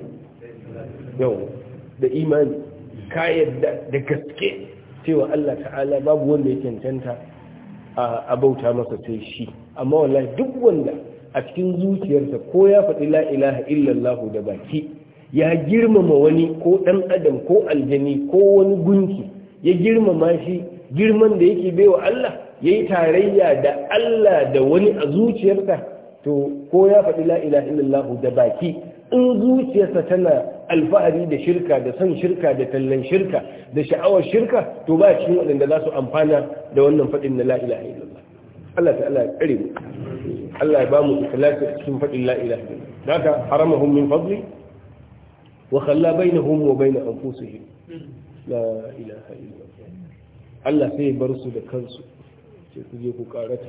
yau. da imani ka yadda da gaske cewa Allah ta'ala babu wanda ya cancanta a bauta masa sai shi amma wallahi duk wanda a cikin zuciyarsa ko ya faɗi la ilaha illallah da baki ya girmama wani ko ɗan adam ko aljani ko wani gunki ya girmama shi girman da yake baiwa Allah ya yi tarayya da Allah da wani a zuciyarsa to ko ya faɗi la ilaha illallah da baki in zuciyarsa tana alfahari da shirka da son shirka da tallan shirka da sha'awar shirka to ba cikin waɗanda za su amfana da wannan faɗin na la'ila a illallah Allah ta'ala ya kare mu Allah ya ba mu ikhlasi cikin faɗin la'ila ilaha illallah haka haramahum min fadli wa khalla bainahum wa bain anfusihim la ilaha illallah Allah sai ya bar su da kansu ce ku je ku karata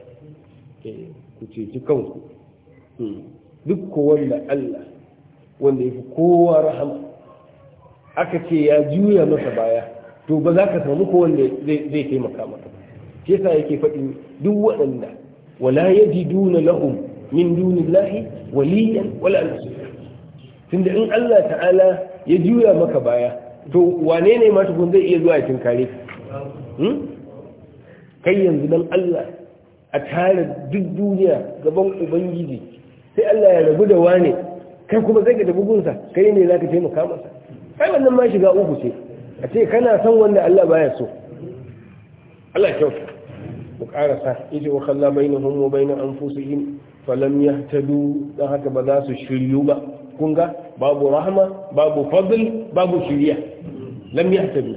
eh, ku ceci kanku hmm. duk ko wanda Allah wanda ya fi kowa rahama aka ce ya juya masa baya to ba za ka samu ko wanda zai taimaka maka Ke shi yasa yake faɗi duk waɗanda wala ya ji duna lahum min lahi waliyan wala nasira tunda in Allah ta'ala ya juya maka baya to wane ne ma tukun zai iya zuwa cikin kare hmm? kai yanzu dan Allah a tare duk duniya gaban ubangiji sai Allah ya rabu da wane kai kuma zai ka tafi gunsa kai ne za ka taimaka masa kai wannan ma shiga uku ce a ce kana san wanda Allah baya so Allah ya kyauta mu karasa yace wa khalla bainahum wa bain anfusihim falam yahtadu dan haka ba za su shiryu ba kun ga babu rahma babu fadl babu shiriya lam yahtadu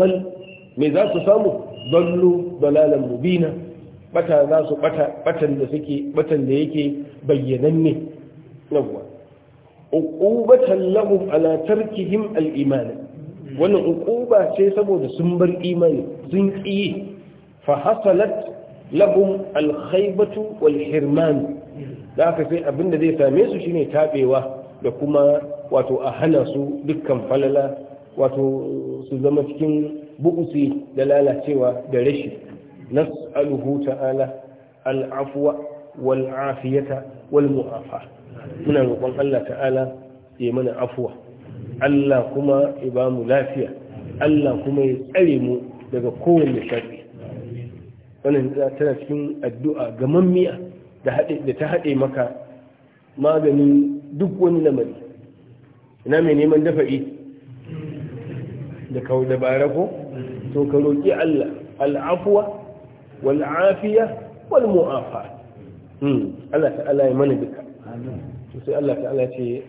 bal me za su samu dallu dalalan mubina bata za su bata batan da suke batan da yake bayyananne yawwa uqubatan lahum ala tarkihim al-iman wannan uquba ce saboda sun bar imani sun ƙi fa hasalat lahum al-khaybatu wal-hirman da aka sai abinda zai same su shine tabewa da kuma wato a hana su dukkan falala wato su zama cikin bu'usi da lalacewa da rashi nas'aluhu ta'ala al-afwa wal-afiyata wal-mu'afa muna roƙon Allah ta'ala ya mana afuwa Allah kuma ya ba mu lafiya Allah kuma ya tsare mu daga kowanne sharri wannan tana cikin addu'a ga mamiya da ta haɗe maka maganin duk wani lamari ina mai neman dafa'i da kawo dabara ko to ka roƙi Allah al'afuwa Afiya, wal mu'afa hmm, Allah ta'ala ya mana duka to sai Allah ta'ala ce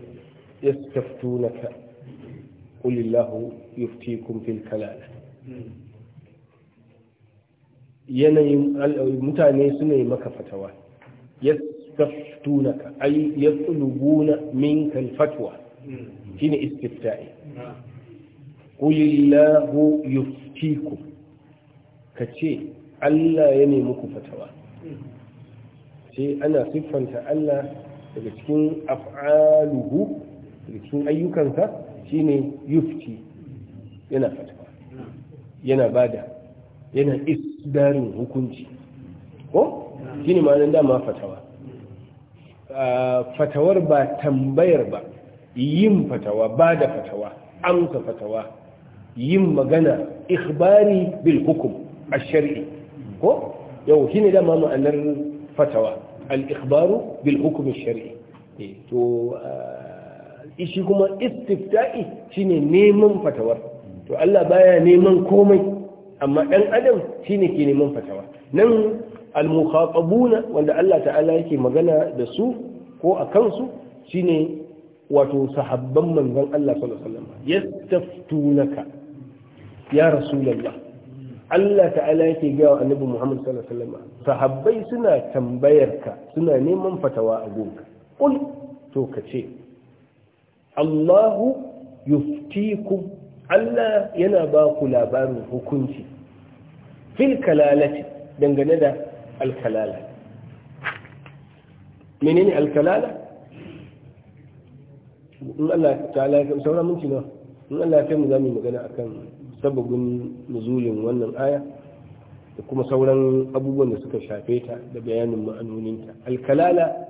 yastaftunaka qul illahu yuftikum fil kalala yanayin mutane suna yi maka fatawa yastaftunaka ay yatlubuna minka al fatwa shine istifta'i qul illahu yuftikum kace Allah ya nemi ku fatawa sai ana siffanta Allah daga cikin af'aluhu daga cikin ayyukansa shine yufti yana fatwa yana bada yana isdarin hukunci ko shine ma nan dama fatawa fatawar ba tambayar ba yin fatawa da fatawa amsa fatawa yin magana ikhbari bil hukum a shari'i ko yau shine dama ma'anar fatawa al-ikhbaru bil e, to eh, ishi kuma istifta'i shine neman fatawar to Allah baya neman komai amma dan adam shine ke neman fatawa nan al-mukhatabuna wanda Allah ta'ala yake magana da su ko a kansu shine wato sahabban manzon Allah sallallahu alaihi wasallam yastaftunaka ya rasulullah Allah ta'ala yake gaya wa annabi Muhammad sallallahu alaihi wasallam sahabbai suna tambayarka suna neman fatawa a gonka kul to ka ce Allahu yuftikum Allah yana ba ku labarin hukunci fil kalalati dangane da al-kalala, alkalala menene kalala in Allah ta'ala sauran minti nawa in Allah ya kai mu zamu magana akan sababin nuzulin wannan aya da kuma sauran abubuwan da suka shafe ta da bayanin ma'anoninta alkalala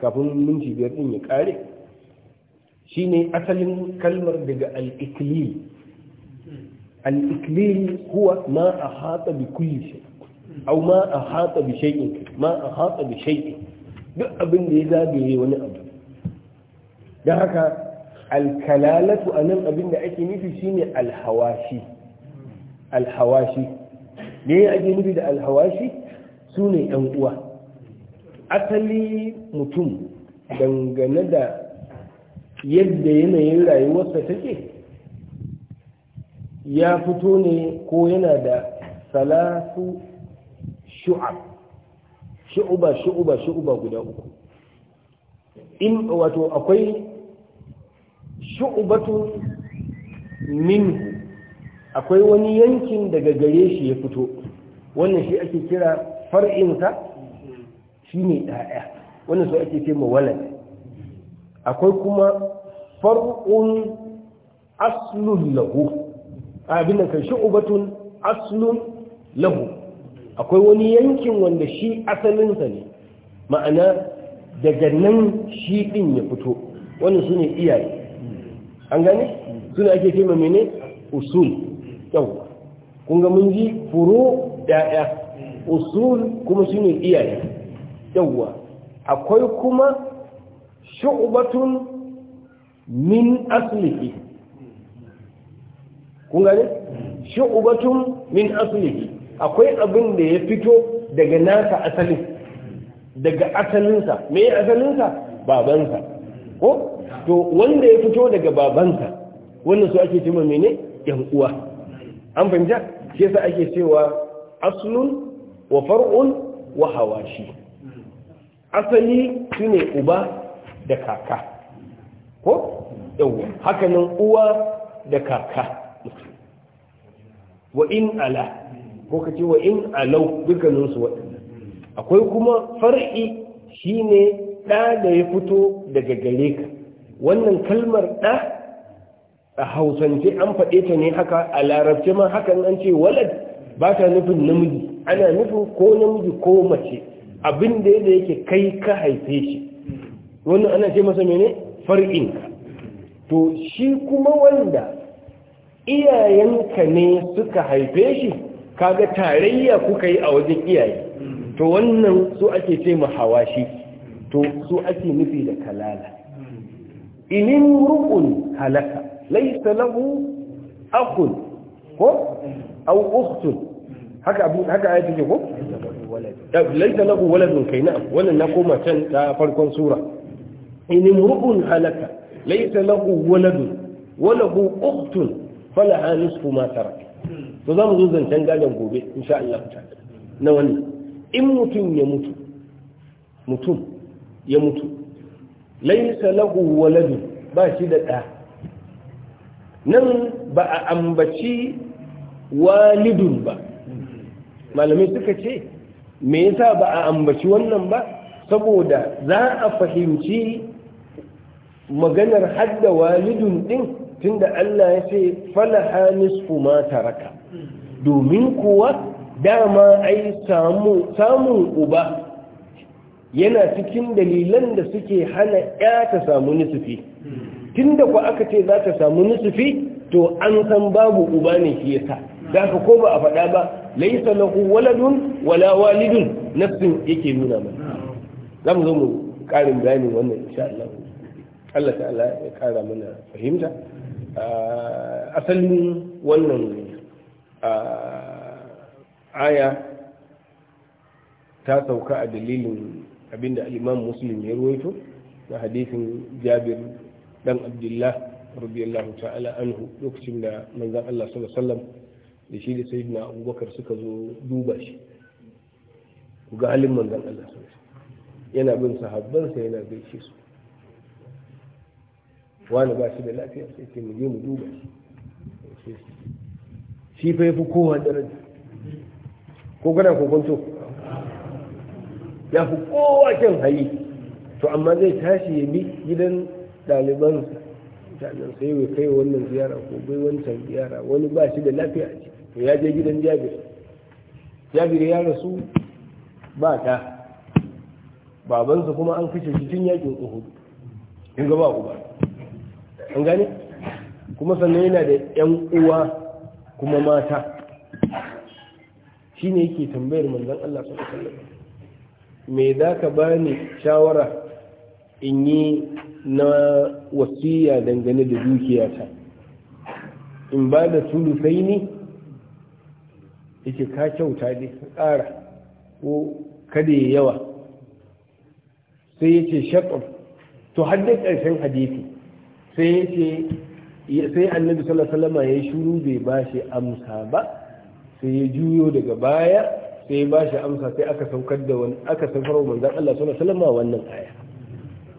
kafin minti biyar din ya kare shine asalin kalmar daga al-iklil al-iklil huwa ma ahata bi kulli shay au ma ahata bi shay'in ma ahata bi shay'in duk abin da ya zagaye wani abu dan haka alkalalatu a nan abin da ake nufi shine alhawashi alhawashi ne ake nufi da alhawashi su ne yan uwa asali mutum dangane da yadda yanayin rayuwarsa take ya fito ne ko yana da salasu shu'ab shu'uba shu'uba shu'uba guda uku in wato akwai shu'batu min akwai wani yankin daga gare shi ya fito wannan shi ake kira far'insa shi ne ɗaya wannan so ake ce walad akwai kuma far'un aslun lahu abin da kan shu'ubatun aslun lahu akwai wani yankin wanda shi asalinsa ne ma'ana daga nan shi din ya fito wannan su ne iyaye an gane suna ake ce mene usul kyau kun ga mun ji furu ɗaya usul kuma ne iyaye yauwa akwai kuma shu'ubatun min asliki kun gane shu'ubatun min asliki akwai abin da ya fito daga nasa asalin daga asalinsa mai asalinsa babansa ko to wanda ya fito daga babansa wannan su ake cewa mene yan uwa an fahimta shi yasa ake cewa aslun wa far'un wa hawashi asali shine uba da kaka ko yawa nan uwa da kaka wa in ala ko kace wa in alau dukkanin su akwai kuma far'i shine ɗa da ya fito daga gare ka wannan kalmar ɗa a hausance an faɗe ta ne haka a larabci ma hakan an ce walad ba ta nufin namiji ana nufin ko namiji ko mace abin da yadda yake kai ka haife shi wannan ana ce masa mene far'inka to shi kuma wanda iyayenka ne suka haife shi kaga tarayya kuka yi a wajen iyaye to wannan su ake ce mahawashi shi to su ake nufi da kalala in imru'un halaka laysa lahu akhun ko aw ukhtun haka abu haka ayati ke ko laysa lahu waladun kai na'am wannan na koma can ta farkon sura in imru'un halaka laysa lahu waladun wa lahu ukhtun falaha nisfu ma taraka to zamu zo zancen gadon gobe insha Allah ta'ala na wannan. in mutum ya mutu mutum ya mutu laisa lahu waladu ba shi da ɗa nan ba a ambaci walidun ba malamai suka ce me yasa ba a ambaci wannan ba saboda za a fahimci maganar hadda walidun din tunda Allah ya ce falaha nisfu ma taraka domin kuwa dama ai samu samun uba yana cikin dalilan da suke hana ya ta samu nisufi tun da ku aka ce za ta samu nisufi to an san babu uba ne shi sa da ka ko ba a faɗa ba laisa lahu waladun wala walidun nafsin yake nuna mana za mu zo mu ƙarin bayanin wannan insha Allah Allah Allah ya ƙara mana fahimta asalin wannan aya ta sauka a dalilin abinda al-imam muslim ya ruwaito na hadisin jabir dan abdullah radiyallahu ta'ala anhu lokacin da manzon Allah sallallahu alaihi wasallam da shi da sayyidina abubakar suka zo duba shi ku ga halin manzon Allah sallallahu alaihi wasallam yana bin sahabban sahabbansa yana gaishe su wani ba shi da lafiya sai ce mu je mu duba shi shi fa yafi kowa daraja ko gana ko kwanto ya fi kowa kyan hali to amma zai tashi ya bi gidan ɗalibansa sannan sai ya kai wannan ziyara ko bai wancan ziyara wani ba shi da lafiya ce to ya je gidan jabir jabir ya rasu ba ta babansa kuma an kashe shi tun yakin uhud in ga ba uba an gane kuma sannan yana da yan uwa kuma mata shine yake tambayar manzon Allah sallallahu alaihi wasallam me za ka bani shawara in yi na wasiya dangane da dukiyata in ba da sulusai ne yake ka kyauta ne ka ƙara ko kada ya yawa sai ya ce to haddai ƙarshen hadisi sai ya ce sai annabi sallallahu alaihi wasallam ya shuru bai bashi amsa ba sai ya juyo daga baya sai ba shi amsa sai aka saukar da wani aka saukar manzan Allah sallallahu alaihi wasallam wannan aya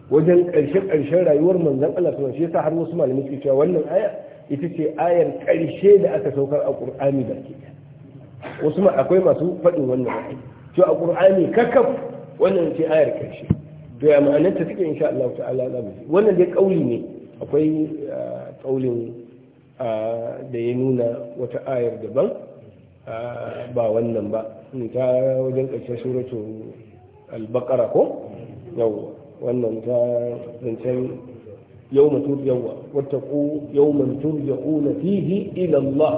wajen ƙarshe ƙarshen rayuwar manzan Allah sallallahu alaihi wasallam shi yasa har wasu malamai suke cewa wannan aya ita ce ayar ƙarshe da aka saukar a Qur'ani baki wasu ma akwai masu faɗin wannan aya to a Qur'ani kakaf wannan ce ayar ƙarshe to ya ma'anar ta take insha Allah ta'ala za mu wannan dai kauli ne akwai kaulin ah, ah, da ya nuna wata ayar daban ah, ba wannan ba ta wajen ƙarshe suratu albakara ko yawwa wannan ta zancen yawma turjawa wattaqu yawman turja'una fihi ila Allah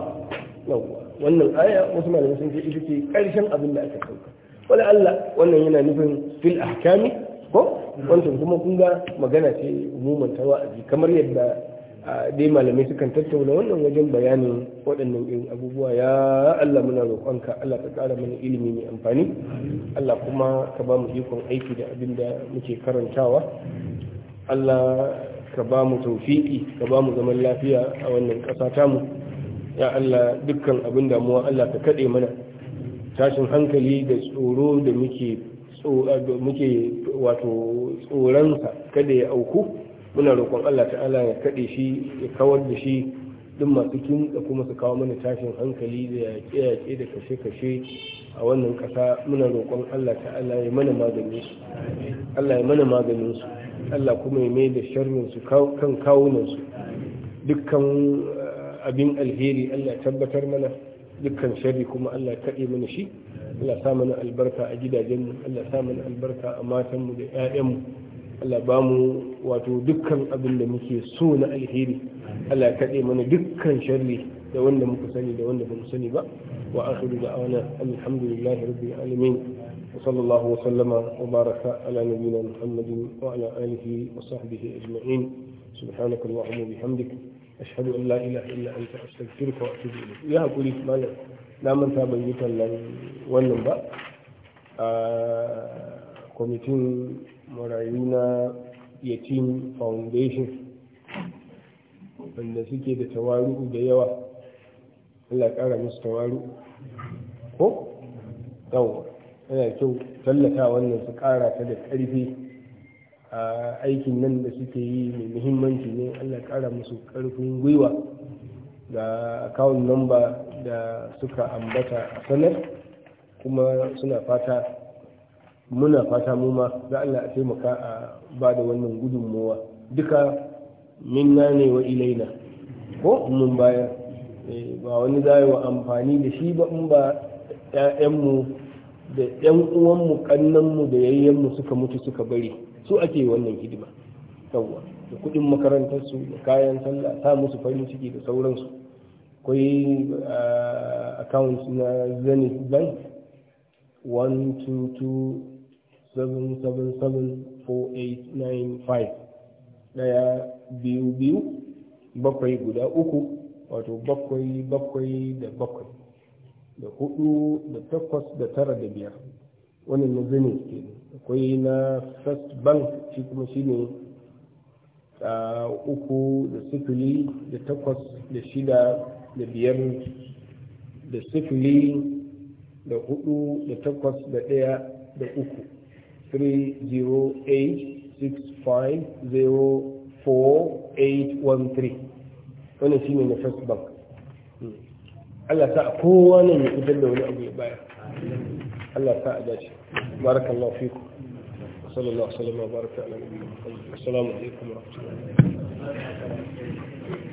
yawwa wannan aya wasu malamai sun ce ita ce ƙarshen abin da aka sauka wani Allah wannan yana nufin fil ahkami ko wancan kuma kun ga magana ce umuman ta wa'azi kamar yadda dai malamai sukan tattauna wannan wajen bayanin waɗannan irin abubuwa ya Allah muna roƙonka Allah ka ƙara mana ilimi mai amfani Allah kuma ka ba mu ikon aiki da abin da muke karantawa Allah ka ba mu taufiki ka ba mu zaman lafiya a wannan ƙasa tamu ya Allah dukkan abin damuwa Allah ka kaɗe mana tashin hankali da tsoro da muke muke wato tsoronsa kada ya auku muna roƙon Allah ta'ala ya kaɗe shi ya kawar da shi duk masu da kuma su kawo mana tashin hankali da yaƙe-yaƙe da kashe-kashe a wannan ƙasa muna roƙon Allah ta'ala ya mana maganin su Allah ya mana maganin su Allah kuma ya mai da sharrin su kan kawunan su dukkan eh, abin alheri Allah tabbatar mana dukkan sharri kuma Allah kaɗe mana shi Allah sa mana albarka a gidajenmu Allah sa mana albarka a matanmu da 'ya'yanmu Allah ba mu wato dukkan abin da muke so na alheri Allah kaɗe mana dukkan sharri da wanda muka sani da wanda bamu sani ba wa akhiru da'wana alhamdulillahi rabbil alamin wa sallallahu wa sallama wa baraka ala nabiyyina muhammadin wa ala alihi wa sahbihi ajma'in subhanaka allahumma bihamdik ashhadu an la ilaha illa anta astaghfiruka wa atubu ilayk ya hakuri malam na manta ban yi tallan wannan ba a ah, kwamitin marayu na yatim foundation wanda suke da tawaru da yawa Allah ƙara musu tawaru. ko? yawon yana kyau tallata wannan su ƙara ta da ƙarfi a aikin nan da suke yi mai muhimmanci ne Allah ƙara musu ƙarfin gwiwa ga akawun number da suka ambata a sanar kuma suna fata muna fata mu ma za Allah a taimaka a ba da wannan gudunmowa duka minna ne wa ilaina ko mun bayar eh, ba wani za wa amfani da shi ba in ba 'ya'yanmu da 'yan uwanmu kannanmu da yayyanmu suka mutu suka bari su ake wannan hidima yawwa da kuɗin makarantarsu da kayan sallah sa musu farin ciki da sauransu akwai ah, account na zenith bank 1222 7774895 daya biyu biyu bakwai guda uku wato bakwai bakwai da bakwai da hudu da takwas da tara da biyar wani na zini ke akwai na first bank shi kuma shi ne uku da sifili da takwas da shida da biyar da sifili da hudu da takwas da ɗaya da uku 308-650-4813 shi ne na first bank hmm. Allah sa a kowa ne mai fitar da wani abu ya baya Allah sa a dace barakallahu fiku صلى الله وسلم وبارك على نبينا محمد السلام